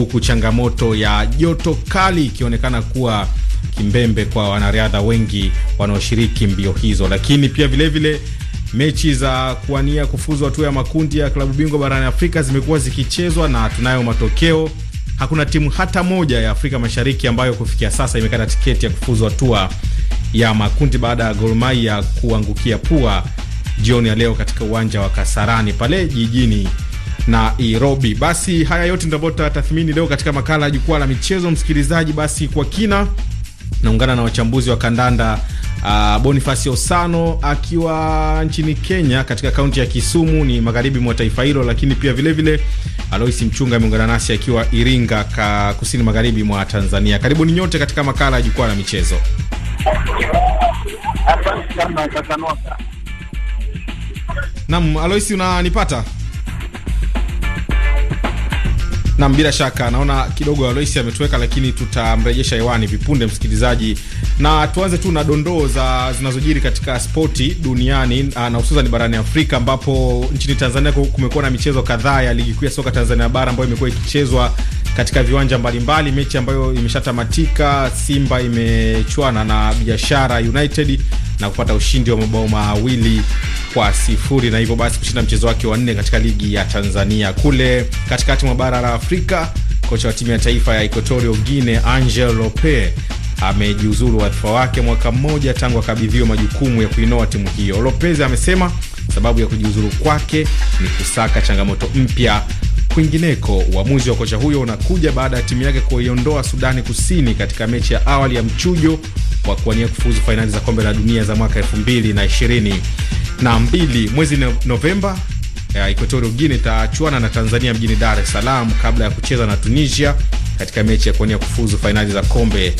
huku changamoto ya joto kali ikionekana kuwa kimbembe kwa wanariadha wengi wanaoshiriki mbio hizo, lakini pia vilevile vile, mechi za kuwania kufuzu hatua ya makundi ya klabu bingwa barani Afrika zimekuwa zikichezwa na tunayo matokeo. Hakuna timu hata moja ya Afrika Mashariki ambayo kufikia sasa imekata tiketi ya kufuzu hatua ya makundi baada ya Gor Mahia kuangukia pua jioni ya leo katika uwanja wa Kasarani pale jijini Nairobi. Basi haya yote ndio ambayo tutatathmini leo katika makala ya jukwaa la michezo. Msikilizaji, basi kwa kina naungana na wachambuzi wa kandanda uh, Boniface Osano akiwa nchini Kenya katika kaunti ya Kisumu ni magharibi mwa taifa hilo, lakini pia vilevile Aloisi Mchunga ameungana nasi akiwa Iringa ka kusini magharibi mwa Tanzania. Karibuni nyote katika makala ya jukwaa la michezo. Naam, Aloisi unanipata? Nam, bila shaka naona kidogo Aloisi ametuweka, lakini tutamrejesha hewani vipunde, msikilizaji, na tuanze tu na dondoo za zinazojiri katika spoti duniani na hususan barani Afrika, ambapo nchini Tanzania kumekuwa na michezo kadhaa ya ligi kuu ya soka Tanzania bara ambayo imekuwa ikichezwa katika viwanja mbalimbali, mechi ambayo imeshatamatika. Simba imechuana na Biashara United na kupata ushindi wa mabao mawili kwa sifuri na hivyo basi kushinda mchezo wake wa nne katika ligi ya Tanzania. Kule katikati mwa bara la Afrika, kocha wa timu ya taifa ya Equatorial Guinea Angel Lope amejiuzuru wadhifa wake mwaka mmoja tangu akabidhiwa majukumu ya kuinoa timu hiyo. Lopez amesema sababu ya kujiuzuru kwake ni kusaka changamoto mpya Kwingineko, uamuzi wa kocha huyo unakuja baada ya timu yake kuiondoa Sudani Kusini katika mechi ya awali ya mchujo wa kuwania kufuzu fainali za kombe la dunia za mwaka 2022 na mbili mwezi Novemba. Eh, Equatorial Guinea itachuana na Tanzania mjini Dar es Salaam kabla ya kucheza na Tunisia katika mechi ya kuwania kufuzu fainali za kombe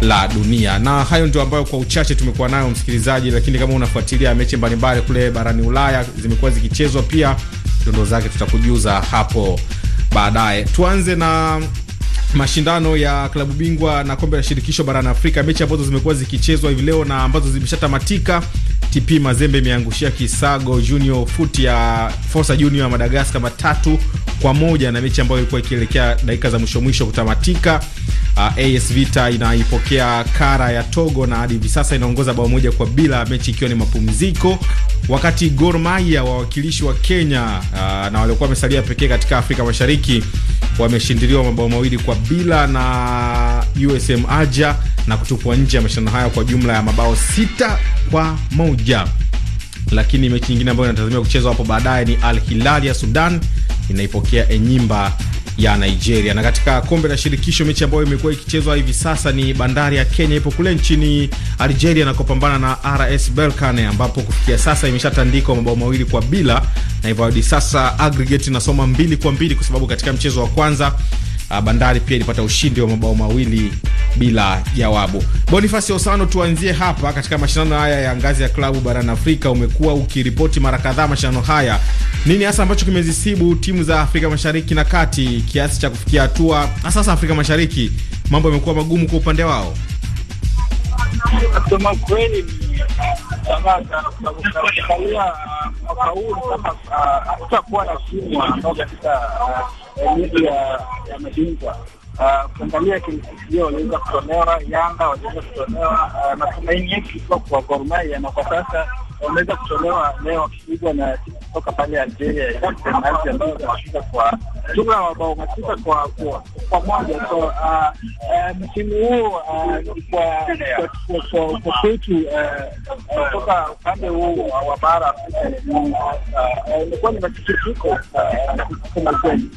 la dunia. Na hayo ndio ambayo kwa uchache tumekuwa nayo msikilizaji, lakini kama unafuatilia mechi mbalimbali kule barani Ulaya zimekuwa zikichezwa pia dondoo zake tutakujuza hapo baadaye. Tuanze na mashindano ya klabu bingwa na kombe la shirikisho barani Afrika, mechi ambazo zimekuwa zikichezwa hivi leo na ambazo zimeshatamatika. TP Mazembe imeangushia Kisago Junior Foot ya Forsa Junior ya Madagascar matatu kwa moja, na mechi ambayo ilikuwa ikielekea dakika za mwisho mwisho kutamatika. Uh, ah, AS Vita inaipokea Kara ya Togo na hadi hivi sasa inaongoza bao moja kwa bila, mechi ikiwa ni mapumziko, wakati Gor Mahia wawakilishi wa Kenya uh, na waliokuwa wamesalia pekee katika Afrika Mashariki wameshindiliwa mabao mawili kwa bila na USM Aja na kutupwa nje ya mashindano haya kwa jumla ya mabao sita kwa moja. Lakini mechi nyingine ambayo inatazamia kuchezwa hapo baadaye ni Al Hilal ya Sudan inaipokea Enyimba ya Nigeria. Na katika kombe la shirikisho, mechi ambayo imekuwa ikichezwa hivi sasa ni Bandari ya Kenya ipo kule nchini Algeria kupambana na RS Berkane, ambapo kufikia sasa imeshatandikwa mabao mawili kwa bila, na hivyo hadi sasa aggregate inasoma mbili kwa mbili, kwa sababu katika mchezo wa kwanza Uh, Bandari pia ilipata ushindi wa mabao mawili bila jawabu. Boniface Osano, tuanzie hapa katika mashindano haya ya ngazi ya klabu barani Afrika. Umekuwa ukiripoti mara kadhaa mashindano haya, nini hasa ambacho kimezisibu timu za Afrika Mashariki na Kati kiasi cha kufikia hatua na sasa Afrika Mashariki mambo yamekuwa magumu kwa upande wao? Kusema kweli sasa ukiangalia uh, mwaka huu kama uh, hakutakuwa na timu ambao katika ligi uh, ya mabingwa ukiangalia KCCA waliweza kutolewa, Yanga waliweza kutolewa, matumaini yetu kwa Gor Mahia na kwa sasa wameweza kutolewa leo wakipigwa na timu kutoka pale Algeria ambayo wanashinda kwa jumla wa bao masita kwa kwa moja. So uh, msimu um, huu uh, kwa kwetu uh, kutoka upande huu wa bara Afrika imekuwa ni masikitiko kusema kweli.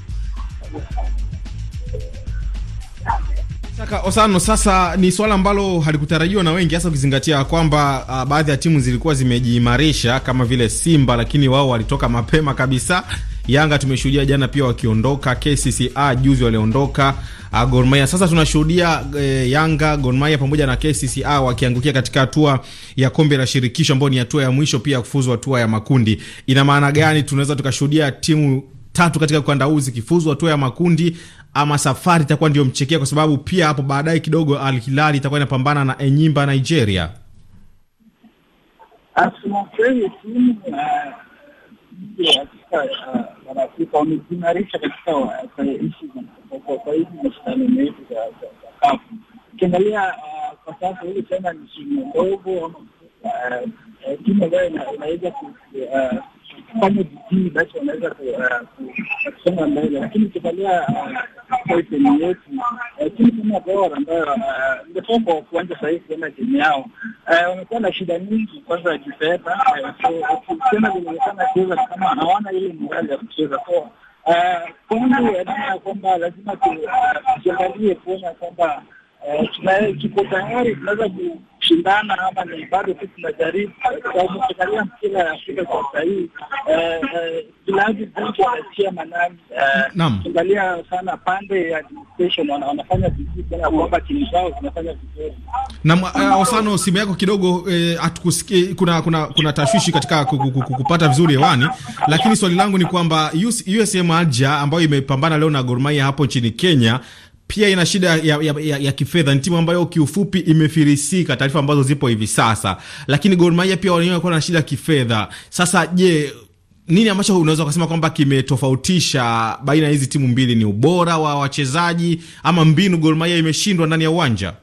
Kaka Osano, sasa ni swala ambalo halikutarajiwa na wengi, hasa ukizingatia kwamba uh, baadhi ya timu zilikuwa zimejiimarisha kama vile Simba, lakini wao walitoka mapema kabisa. Yanga tumeshuhudia jana pia wakiondoka, KCCA juzi waliondoka, uh, Gor Mahia. Sasa tunashuhudia eh, Yanga, Gor Mahia pamoja na KCCA wakiangukia katika hatua ya kombe la shirikisho ambayo ni hatua ya mwisho pia kufuzu hatua ya makundi. Ina maana gani tunaweza tukashuhudia timu tatu katika ukanda huu zikifuzu hatua ya makundi ama safari itakuwa ndio mchekea, kwa sababu pia hapo baadaye kidogo Al Hilal itakuwa inapambana na Enyimba Nigeria. Eh, eh, wamejimarisha katika eh, mashindano yetu za kafu. Ukiangalia kwa sasa ile tena ni timu ndogo ama timu ambayo inaweza kufanya bidii basi wanaweza uh, kusonga mbele, lakini ukivalia timu yetu timu kama bora ambayo uh, imetoka kwa kuanja sahihi kuenda timu yao uh, wamekuwa na shida nyingi, kwanza ya kifedha. Ukiona vinaonekana kucheza kama hawana ile morali ya kucheza kwa kwangu, ya kwamba lazima tujiangalie kuona kwamba Uh, tuko tayari tunaweza kushindana ama ni bado tu tunajaribu, kwa ukiangalia mpira ya Afrika kwa sasa hii eh, eh, vilabu vingi wanatia manani. Ukiangalia sana pande ya administration wanafanya vizuri sana, kwamba timu zao zinafanya vizuri. Na Osano, simu yako kidogo eh, atukusiki, kuna kuna kuna tashwishi katika kupata vizuri hewani, lakini swali langu ni kwamba US, USM Alger ambayo imepambana leo na Gor Mahia hapo nchini Kenya pia ina shida ya, ya, ya, ya kifedha. Ni timu ambayo kiufupi imefirisika, taarifa ambazo zipo hivi sasa, lakini Gor Mahia pia wenyewe na shida ya kifedha. Sasa je, nini ambacho unaweza ukasema kwamba kimetofautisha baina ya hizi timu mbili? Ni ubora wa wachezaji ama mbinu Gor Mahia imeshindwa ndani ya uwanja?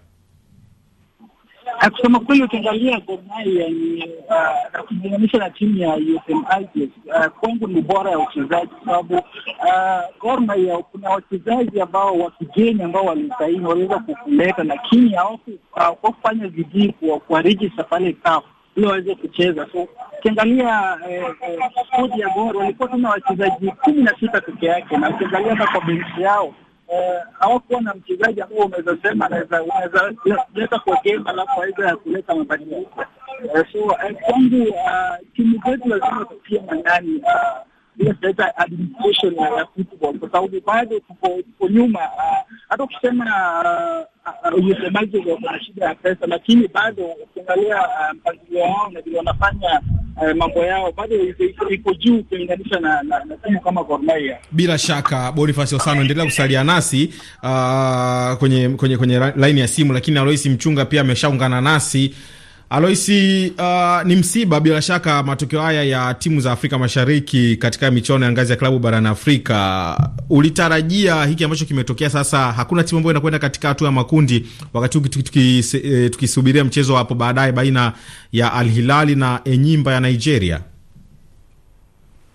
Kusema kweli ukiangalia Gor Mahia uh, na kulinganisha na timu ya USM Alger uh, kwangu ni bora ya uchezaji, kwa sababu uh, Gor Mahia kuna wachezaji ambao wa kigeni ambao walisaini waliweza kukuleta, lakini hawakufanya bidii kuwariji safari kaf ili waweze kucheza. So ukiangalia skodi ya Gor walikuwa tuna wachezaji kumi na sita peke yake, na ukiangalia hata kwa benchi yao Eh, hawakuwa na mchezaji ambao unaweza sema anaweza kwa kuwekeza alafu aweza ya kuleta mabadiliko. Eh, so eh, kwangu ah, timu zetu lazima tutie manani ile better administration ya football, kwa sababu bado tuko nyuma. Hata ukisema United wana shida ya pesa, lakini bado ukiangalia uh, mpangilio wao na vile wanafanya uh, mambo yao bado iko juu ukilinganisha na na timu kama Gor Mahia. Bila shaka Boniface Osano, endelea kusalia nasi uh, kwenye kwenye kwenye laini ya simu, lakini Aloisi Mchunga pia ameshaungana nasi. Aloisi, uh, ni msiba bila shaka matokeo haya ya timu za Afrika Mashariki katika michuano ya ngazi ya klabu barani Afrika. Ulitarajia hiki ambacho kimetokea sasa? Hakuna timu ambayo inakwenda katika hatua ya makundi, wakati huu eh, tukisubiria mchezo hapo baadaye baina ya Al Hilali na Enyimba ya Nigeria.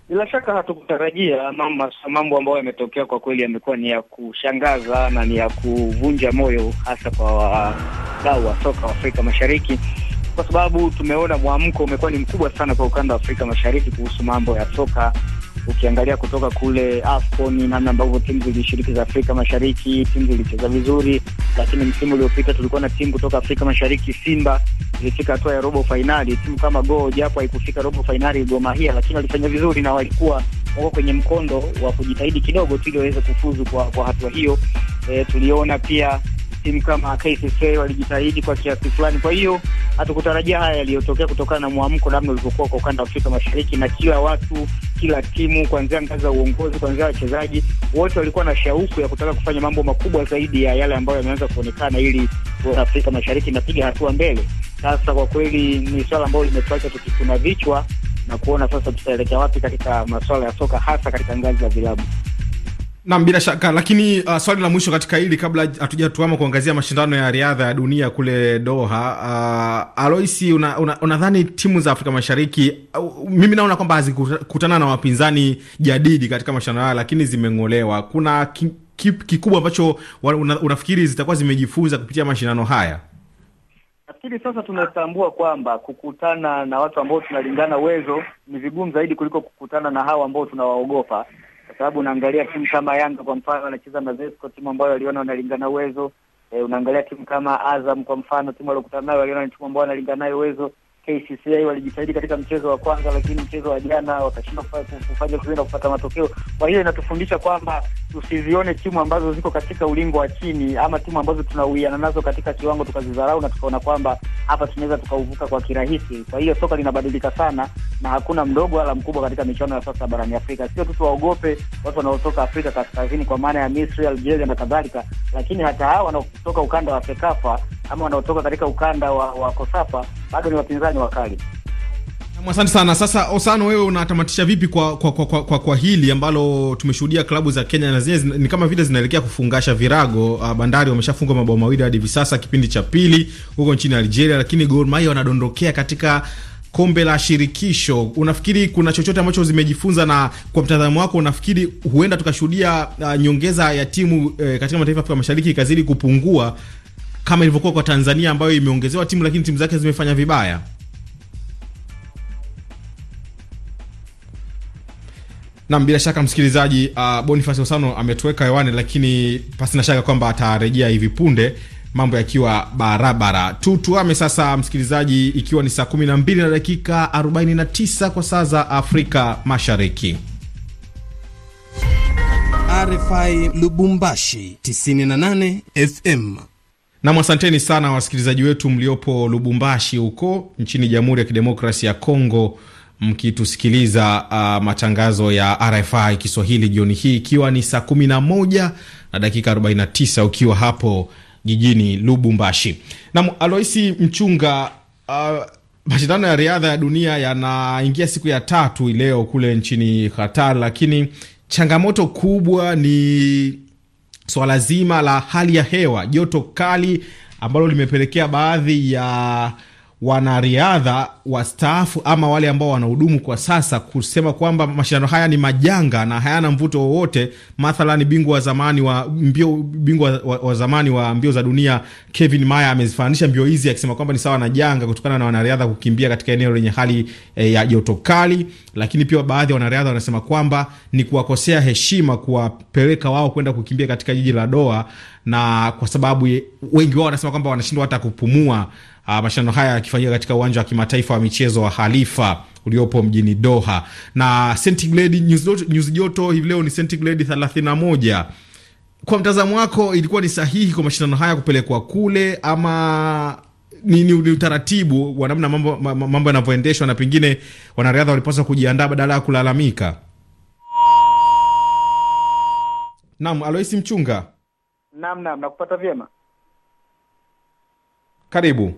Bila shaka hatukutarajia mambo ambayo yametokea. Kwa kweli yamekuwa ni ya kushangaza na ni ya kuvunja moyo, hasa kwa wadau wa soka wa Afrika Mashariki kwa sababu tumeona mwamko umekuwa ni mkubwa sana kwa ukanda wa Afrika Mashariki kuhusu mambo ya soka. Ukiangalia kutoka kule AFCON, namna ambavyo timu zilishiriki za Afrika Mashariki, timu zilicheza vizuri, lakini msimu uliopita tulikuwa na timu kutoka Afrika Mashariki, Simba ilifika hatua ya robo fainali. Timu kama Go japo haikufika robo fainali, Gor Mahia, lakini walifanya vizuri na walikuwa wako kwenye mkondo wa kujitahidi kidogo tu ili waweze kufuzu kwa, kwa hatua hiyo. E, tuliona pia timu kama KCCA walijitahidi kwa kiasi fulani. Kwa hiyo hatukutarajia haya yaliyotokea kutokana na mwamko namna ulivyokuwa kwa ukanda wa Afrika Mashariki, na kila watu, kila timu, kuanzia ngazi za uongozi, kuanzia wachezaji wote, walikuwa na shauku ya kutaka kufanya mambo makubwa zaidi ya yale ambayo yameanza kuonekana, ili Afrika Mashariki inapiga hatua mbele. Sasa kwa kweli ni swala ambalo limetuacha tukifuna vichwa na kuona sasa tutaelekea wapi katika masuala ya soka, hasa katika ngazi za vilabu. Nam, bila shaka. Lakini uh, swali la mwisho katika hili kabla hatujatuama kuangazia mashindano ya riadha ya dunia kule Doha, uh, Aloisi, unadhani una, una timu za Afrika Mashariki uh, mimi naona kwamba hazikutana na wapinzani jadidi katika mashindano haya, lakini zimeng'olewa. Kuna ki, ki, kikubwa ambacho unafikiri zitakuwa zimejifunza kupitia mashindano haya? Nafikiri sasa tunatambua kwamba kukutana na watu ambao tunalingana uwezo ni vigumu zaidi kuliko kukutana na hawa ambao tunawaogopa sababu unaangalia timu kama Yanga kwa mfano wanacheza Mazesco, timu ambayo waliona wanalingana uwezo. E, unaangalia timu kama Azam kwa mfano, timu waliokutana nayo waliona ni timu ambayo wanalingana nayo uwezo. KCCA walijitahidi katika mchezo wa kwanza, lakini mchezo wa jana wakashindwa kufanya kuenda kupata matokeo. Kwa hiyo inatufundisha kwamba tusizione timu ambazo ziko katika ulingo wa chini ama timu ambazo tunauiana nazo katika kiwango tukazidharau na tukaona kwamba hapa tunaweza tukauvuka kwa kirahisi. Kwa hiyo soka linabadilika sana, na hakuna mdogo wala mkubwa katika michuano ya sasa barani Afrika. Sio tu tuwaogope watu wanaotoka Afrika kaskazini kwa maana ya Misri, Algeria na kadhalika, lakini hata hao wanaotoka ukanda wa Sekafa ama wanaotoka katika ukanda wa, wa Kosafa bado ni wapinzani wakali. Asante sana. Sasa Osano, wewe unatamatisha vipi kwa, kwa, kwa, kwa, kwa kwa hili ambalo tumeshuhudia klabu za Kenya na zenyewe ni kama vile zinaelekea kufungasha virago. Uh, Bandari wameshafunga mabao mawili hadi hivi sasa kipindi cha pili huko nchini Algeria, lakini Gor Mahia wanadondokea katika kombe la shirikisho. Unafikiri kuna chochote ambacho zimejifunza, na kwa mtazamo wako unafikiri huenda tukashuhudia uh, nyongeza ya timu uh, katika mataifa ya Afrika Mashariki ikazidi kupungua kama ilivyokuwa kwa Tanzania ambayo imeongezewa timu lakini timu zake zimefanya vibaya. Nam, bila shaka msikilizaji, uh, Boniface Osano ametuweka hewani, lakini pasina shaka kwamba atarejea hivi punde mambo yakiwa barabara. Tutuame sasa msikilizaji, ikiwa ni saa 12 na dakika 49 kwa saa za Afrika Mashariki. RFI Lubumbashi 98 FM. Nam, asanteni sana wasikilizaji wetu mliopo Lubumbashi huko nchini Jamhuri ya Kidemokrasi ya congo mkitusikiliza uh, matangazo ya RFI Kiswahili jioni hii ikiwa ni saa kumi na moja na dakika 49 ukiwa hapo jijini Lubumbashi. Nam Aloisi Mchunga, uh, mashindano ya riadha ya dunia yanaingia siku ya tatu ileo kule nchini Qatar, lakini changamoto kubwa ni swala so zima la hali ya hewa, joto kali ambalo limepelekea baadhi ya wanariadha wastaafu ama wale ambao wanahudumu kwa sasa kusema kwamba mashindano haya ni majanga na hayana mvuto wowote. mathalan bingwa wa zamani wa mbio bingwa wa, wa zamani wa mbio za dunia Kevin Mayer amezifananisha mbio hizi akisema kwamba ni sawa na janga kutokana na wanariadha kukimbia katika eneo lenye hali e, ya joto kali. Lakini pia baadhi ya wanariadha wanasema kwamba ni kuwakosea heshima kuwapeleka wao kwenda kukimbia katika jiji la Doha, na kwa sababu wengi wao wanasema kwamba wanashindwa hata kupumua Uh, mashindano haya yakifanyika katika uwanja wa kimataifa wa michezo wa Khalifa uliopo mjini Doha, na sentigredi nyuzi joto hivi leo ni centigrade 31. Kwa mtazamo wako, ilikuwa ni sahihi kwa mashindano haya kupelekwa kule ama ni, ni, ni utaratibu wa namna mambo mambo yanavyoendeshwa, na pengine wanariadha walipaswa kujiandaa badala ya kulalamika? Naam, Aloisi Mchunga. Naam, naam, nakupata vyema. Karibu.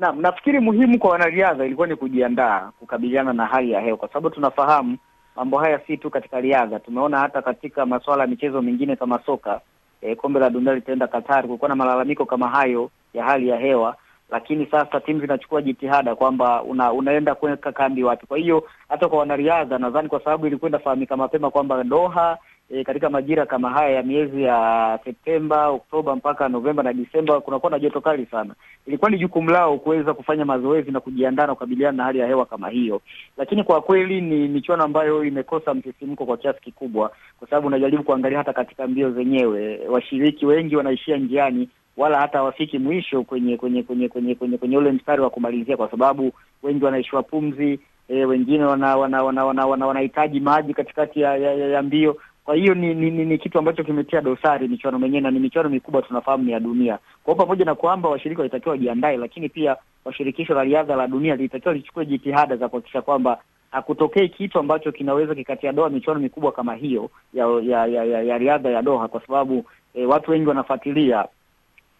Naam, nafikiri muhimu kwa wanariadha ilikuwa ni kujiandaa kukabiliana na hali ya hewa, kwa sababu tunafahamu mambo haya si tu katika riadha, tumeona hata katika masuala ya michezo mingine kama soka. E, kombe la dunia litaenda Katari, kulikuwa na malalamiko kama hayo ya hali ya hewa, lakini sasa timu zinachukua jitihada kwamba una, unaenda kuweka kambi wapi. Kwa hiyo hata kwa wanariadha nadhani, kwa sababu ilikuwa inafahamika mapema kwamba Doha e, katika majira kama haya ya miezi ya Septemba, Oktoba mpaka Novemba na Disemba kunakuwa na joto kali sana. Ilikuwa ni jukumu lao kuweza kufanya mazoezi na kujiandaa na kukabiliana na hali ya hewa kama hiyo, lakini kwa kweli ni michuano ambayo imekosa msisimko kwa kiasi kikubwa, kwa sababu unajaribu kuangalia hata katika mbio zenyewe washiriki wengi wanaishia njiani wala hata hawafiki mwisho kwenye kwenye kwenye kwenye kwenye kwenye ule mstari wa kumalizia, kwa sababu wengi wanaishiwa pumzi e, wengine wanahitaji wana, wana, wana, wana, wana maji katikati ya, ya, ya, ya mbio. Kwa hiyo ni, ni, ni, ni kitu ambacho kimetia dosari michuano mwenyewe na ni michuano mikubwa tunafahamu ni ya dunia. kwao pamoja na kwamba washirika walitakiwa wajiandae, lakini pia washirikisho la riadha la dunia lilitakiwa lichukue jitihada za kuhakikisha kwamba hakutokei kitu ambacho kinaweza kikatia doa michuano mikubwa kama hiyo ya, ya, ya, ya, ya riadha ya Doha, kwa sababu eh, watu wengi wanafuatilia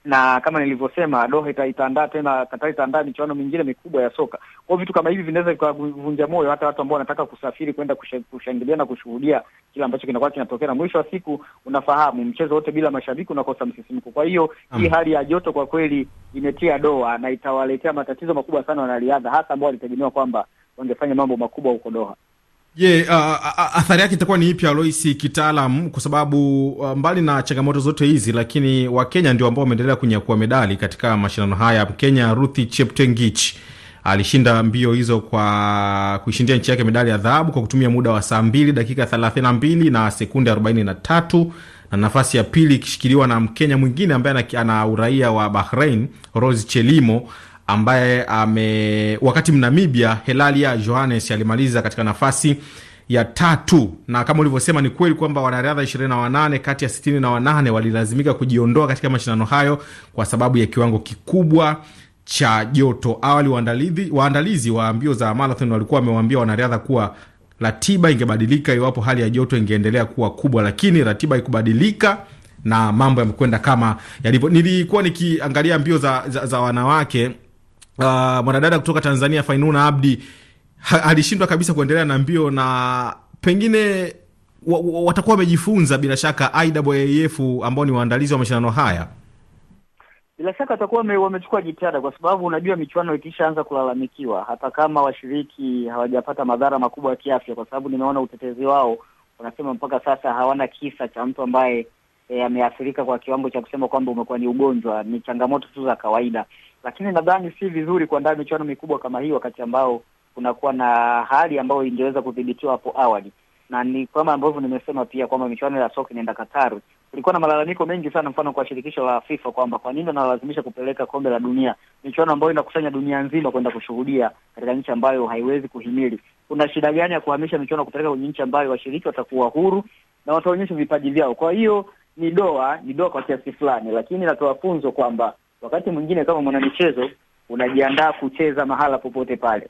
na kama nilivyosema, Doha itaitandaa tena, Katari itaandaa michuano mingine mikubwa ya soka. Kwa vitu kama hivi vinaweza vikavunja moyo hata watu ambao wanataka kusafiri kwenda kushangilia na kushuhudia kile ambacho kinakuwa kinatokea, na mwisho wa siku, unafahamu mchezo wote bila mashabiki unakosa msisimko. Kwa hiyo hii hali ya joto kwa kweli imetia doa na itawaletea matatizo makubwa sana wanariadha, hasa ambao walitegemewa kwamba wangefanya mambo makubwa huko Doha. Ye, yeah, uh, uh, uh, athari yake itakuwa ni ipi Aloisi kitaalam? Kwa sababu mbali na changamoto zote hizi, lakini Wakenya ndio ambao wameendelea kunyakua medali katika mashindano haya. Mkenya Ruthi Cheptengich alishinda mbio hizo kwa kuishindia nchi yake medali ya dhahabu kwa kutumia muda wa saa 2 dakika 32 na sekunde 43, na nafasi ya pili ikishikiliwa na Mkenya mwingine ambaye ana uraia wa Bahrain, Rose Chelimo ambaye ame wakati Mnamibia Helalia Johannes alimaliza katika nafasi ya tatu, na kama ulivyosema, ni kweli kwamba wanariadha 28 kati ya 68 walilazimika kujiondoa katika mashindano hayo kwa sababu ya kiwango kikubwa cha joto. Awali waandalizi, wa mbio za marathon walikuwa wamewambia wanariadha kuwa ratiba ingebadilika iwapo hali ya joto ingeendelea kuwa kubwa, lakini ratiba ikubadilika na mambo yamekwenda kama yalivyo. Nilikuwa nikiangalia mbio za, za, za wanawake uh, mwanadada kutoka Tanzania Fainuna Abdi ha, alishindwa kabisa kuendelea na mbio na pengine watakuwa wamejifunza bila shaka IAAF ambao ni waandalizi wa mashindano haya, bila shaka watakuwa wamechukua jitihada, kwa sababu unajua michuano ikishaanza kulalamikiwa, hata kama washiriki hawajapata madhara makubwa ya kiafya, kwa sababu nimeona utetezi wao wanasema mpaka sasa hawana kisa cha mtu ambaye eh, ameathirika kwa kiwango cha kusema kwamba umekuwa ni ugonjwa, ni changamoto tu za kawaida lakini nadhani si vizuri kuandaa michuano mikubwa kama hii wakati ambao kunakuwa na hali ambayo ingeweza kudhibitiwa hapo awali, na ni kama ambavyo nimesema pia kwamba michuano ya soka inaenda Kataru. Kulikuwa na malalamiko mengi sana, mfano kwa shirikisho la FIFA kwamba kwa nini wanalazimisha kupeleka kombe la dunia, michuano ambayo inakusanya dunia nzima kwenda kushuhudia katika nchi ambayo haiwezi kuhimili. Kuna shida gani ya kuhamisha michuano kupeleka kwenye nchi ambayo washiriki watakuwa huru na wataonyesha vipaji vyao? Kwa hiyo ni doa, ni doa kwa kiasi fulani, lakini natoa funzo kwamba Wakati mwingine kama mwanamichezo unajiandaa kucheza mahala popote pale,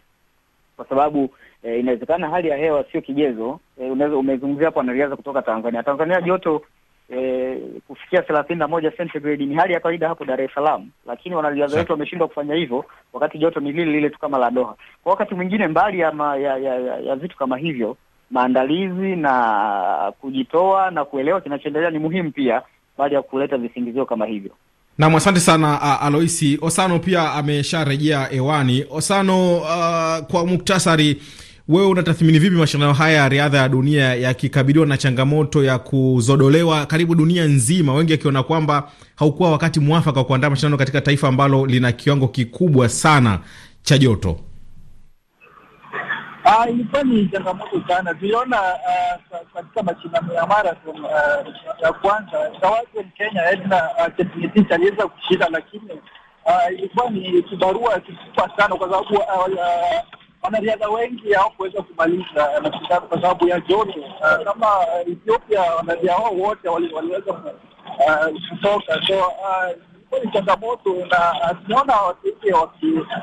kwa sababu e, inawezekana hali ya hewa sio kigezo. E, umezungumzia hapo wanariadha kutoka Tanzania. Tanzania joto e, kufikia thelathini na moja centigrade ni hali ya kawaida hapo Dar es Salaam, lakini wanariadha wetu wameshindwa kufanya hivyo, wakati joto ni lile lile tu kama la Doha. Kwa wakati mwingine mbali ya, ma, ya, ya, ya, ya vitu kama hivyo maandalizi na kujitoa na kuelewa kinachoendelea ni muhimu pia, baada ya kuleta visingizio kama hivyo. Nam, asante sana uh, Aloisi Osano pia amesharejea hewani. Osano, uh, kwa muktasari, wewe unatathmini vipi mashindano haya ya riadha ya dunia yakikabiliwa na changamoto ya kuzodolewa karibu dunia nzima, wengi akiona kwamba haukuwa wakati mwafaka wa kuandaa mashindano katika taifa ambalo lina kiwango kikubwa sana cha joto? Ah, ilikuwa ni changamoto sana. Tuliona ah, katika mashindano ya marathon ah, ya kwanza zawadi Mkenya Edna Chepngetich aliweza kushinda, lakini ilikuwa ni kibarua kikubwa sana, kwa sababu wanariadha wengi hawakuweza kumaliza mashindano kwa sababu ya joto. Kama Ethiopia, wanariadha wao wote waliweza kutoka so kweli changamoto, na tunaona watuke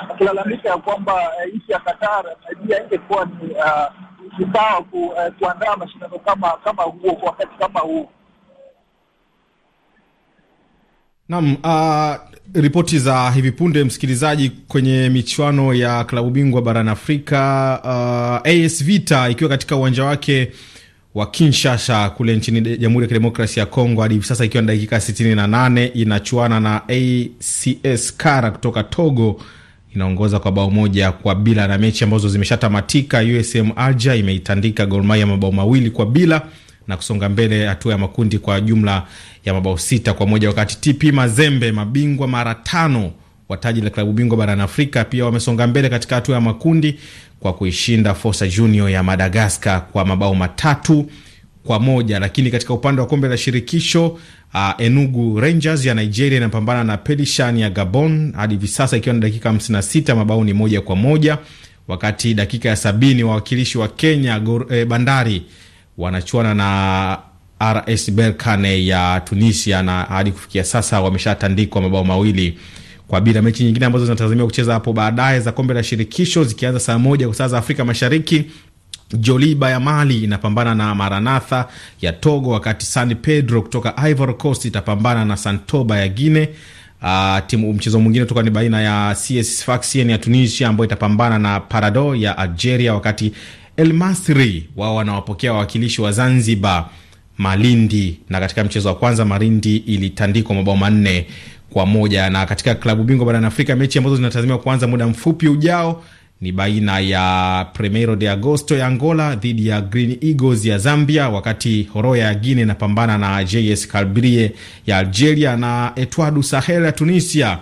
wakilalamika ya kwamba eh, nchi ya Qatar pia ingekuwa ni nchi eh, sawa eh, kuandaa mashindano kama kama huo kwa wakati kama huo. Naam, uh, ripoti za hivi punde msikilizaji, kwenye michuano ya klabu bingwa barani Afrika, uh, ah, AS Vita ikiwa katika uwanja wake wa Kinshasa kule nchini Jamhuri ya Kidemokrasia ya Kongo, hadi hivi sasa ikiwa na dakika 68 inachuana na ACS Kara kutoka Togo, inaongoza kwa bao moja kwa bila, na mechi ambazo zimeshatamatika, USM Alja imeitandika Gor Mahia mabao mawili kwa bila na kusonga mbele hatua ya makundi kwa jumla ya mabao sita kwa moja, wakati TP Mazembe mabingwa mara tano wa taji la klabu bingwa barani Afrika pia wamesonga mbele katika hatua ya makundi kwa kuishinda Fosa Junior ya Madagaskar kwa mabao matatu kwa moja. Lakini katika upande wa kombe la shirikisho uh, Enugu Rangers ya Nigeria inapambana na Pelishan ya Gabon hadi hivi sasa ikiwa na dakika 56 mabao ni moja kwa moja, wakati dakika ya sabini wawakilishi wa Kenya Gor, eh, Bandari wanachuana na RS Berkane ya Tunisia na hadi kufikia sasa wameshatandikwa mabao mawili kwa bila. Mechi nyingine ambazo zinatazamiwa kucheza hapo baadaye za kombe la shirikisho zikianza saa moja kwa saa za Afrika Mashariki. Joliba ya Mali inapambana na Maranatha ya Togo, wakati San Pedro kutoka Ivory Coast itapambana na Santoba ya Guine. Uh, ah, timu mchezo mwingine toka ni baina ya CS Sfaxien ya Tunisia ambayo itapambana na Parado ya Algeria, wakati El Masri wao wanawapokea wawakilishi wa Zanzibar Malindi. Na katika mchezo wa kwanza Malindi ilitandikwa mabao manne kwa moja. Na katika klabu bingwa barani Afrika, mechi ambazo zinatazamiwa kuanza muda mfupi ujao ni baina ya Primeiro de Agosto ya Angola dhidi ya Green Eagles ya Zambia, wakati Horoya ya Guine inapambana na JS Kabylie ya Algeria, na Etwadu Sahel ya Tunisia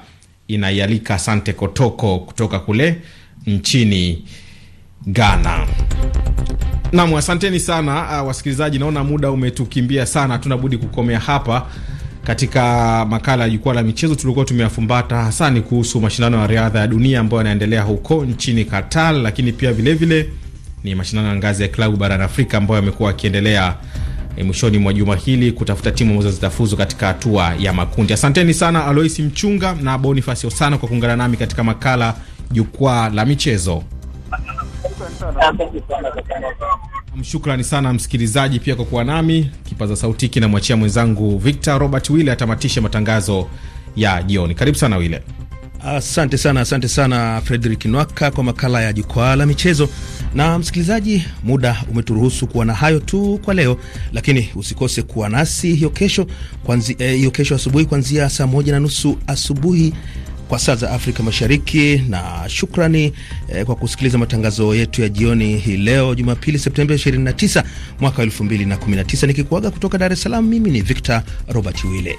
inaialika Sante Kotoko kutoka kule nchini Ghana. Nam, asanteni sana uh, wasikilizaji, naona muda umetukimbia sana, hatunabudi kukomea hapa katika makala ya jukwaa la michezo tulikuwa tumeyafumbata hasa ni kuhusu mashindano ya riadha ya dunia ambayo yanaendelea huko nchini Qatar, lakini pia vilevile vile, ni mashindano ya ngazi ya klabu barani Afrika ambayo yamekuwa yakiendelea e, mwishoni mwa juma hili kutafuta timu ambazo zitafuzu katika hatua ya makundi. Asanteni sana Aloisi Mchunga na Bonifasi sana kwa kuungana nami katika makala jukwaa la michezo. Shukrani sana msikilizaji pia kwa kuwa nami. Kipaza sauti kinamwachia mwenzangu Victor Robert Wille atamatishe matangazo ya jioni. Karibu sana Wille. Asante sana, asante sana Frederick Nwaka kwa makala ya jukwaa la michezo. Na msikilizaji, muda umeturuhusu kuwa na hayo tu kwa leo, lakini usikose kuwa nasi hiyo kesho eh, hiyo eh, kesho asubuhi kuanzia saa moja na nusu asubuhi kwa saa za Afrika Mashariki, na shukrani eh, kwa kusikiliza matangazo yetu ya jioni hii leo Jumapili Septemba 29 mwaka 2019, nikikuaga kutoka Dar es Salaam. Mimi ni Victor Robert Wile.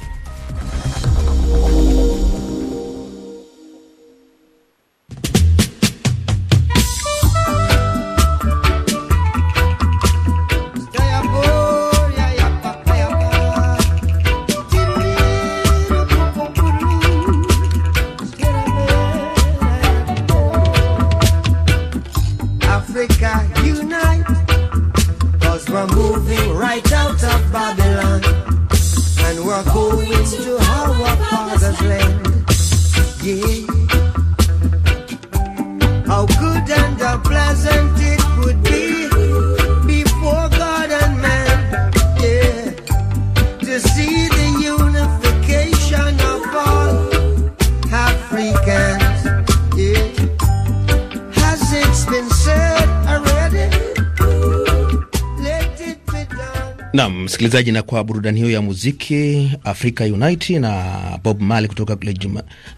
Msikilizaji, na kwa burudani hiyo ya muziki Africa unit na Bob Marley kutoka kule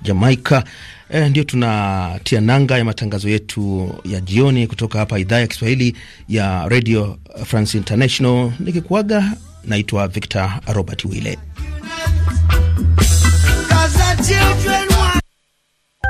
Jamaica, eh, ndio tunatia nanga ya matangazo yetu ya jioni kutoka hapa idhaa ya Kiswahili ya Radio France International. Nikikuaga naitwa Victor Robert wille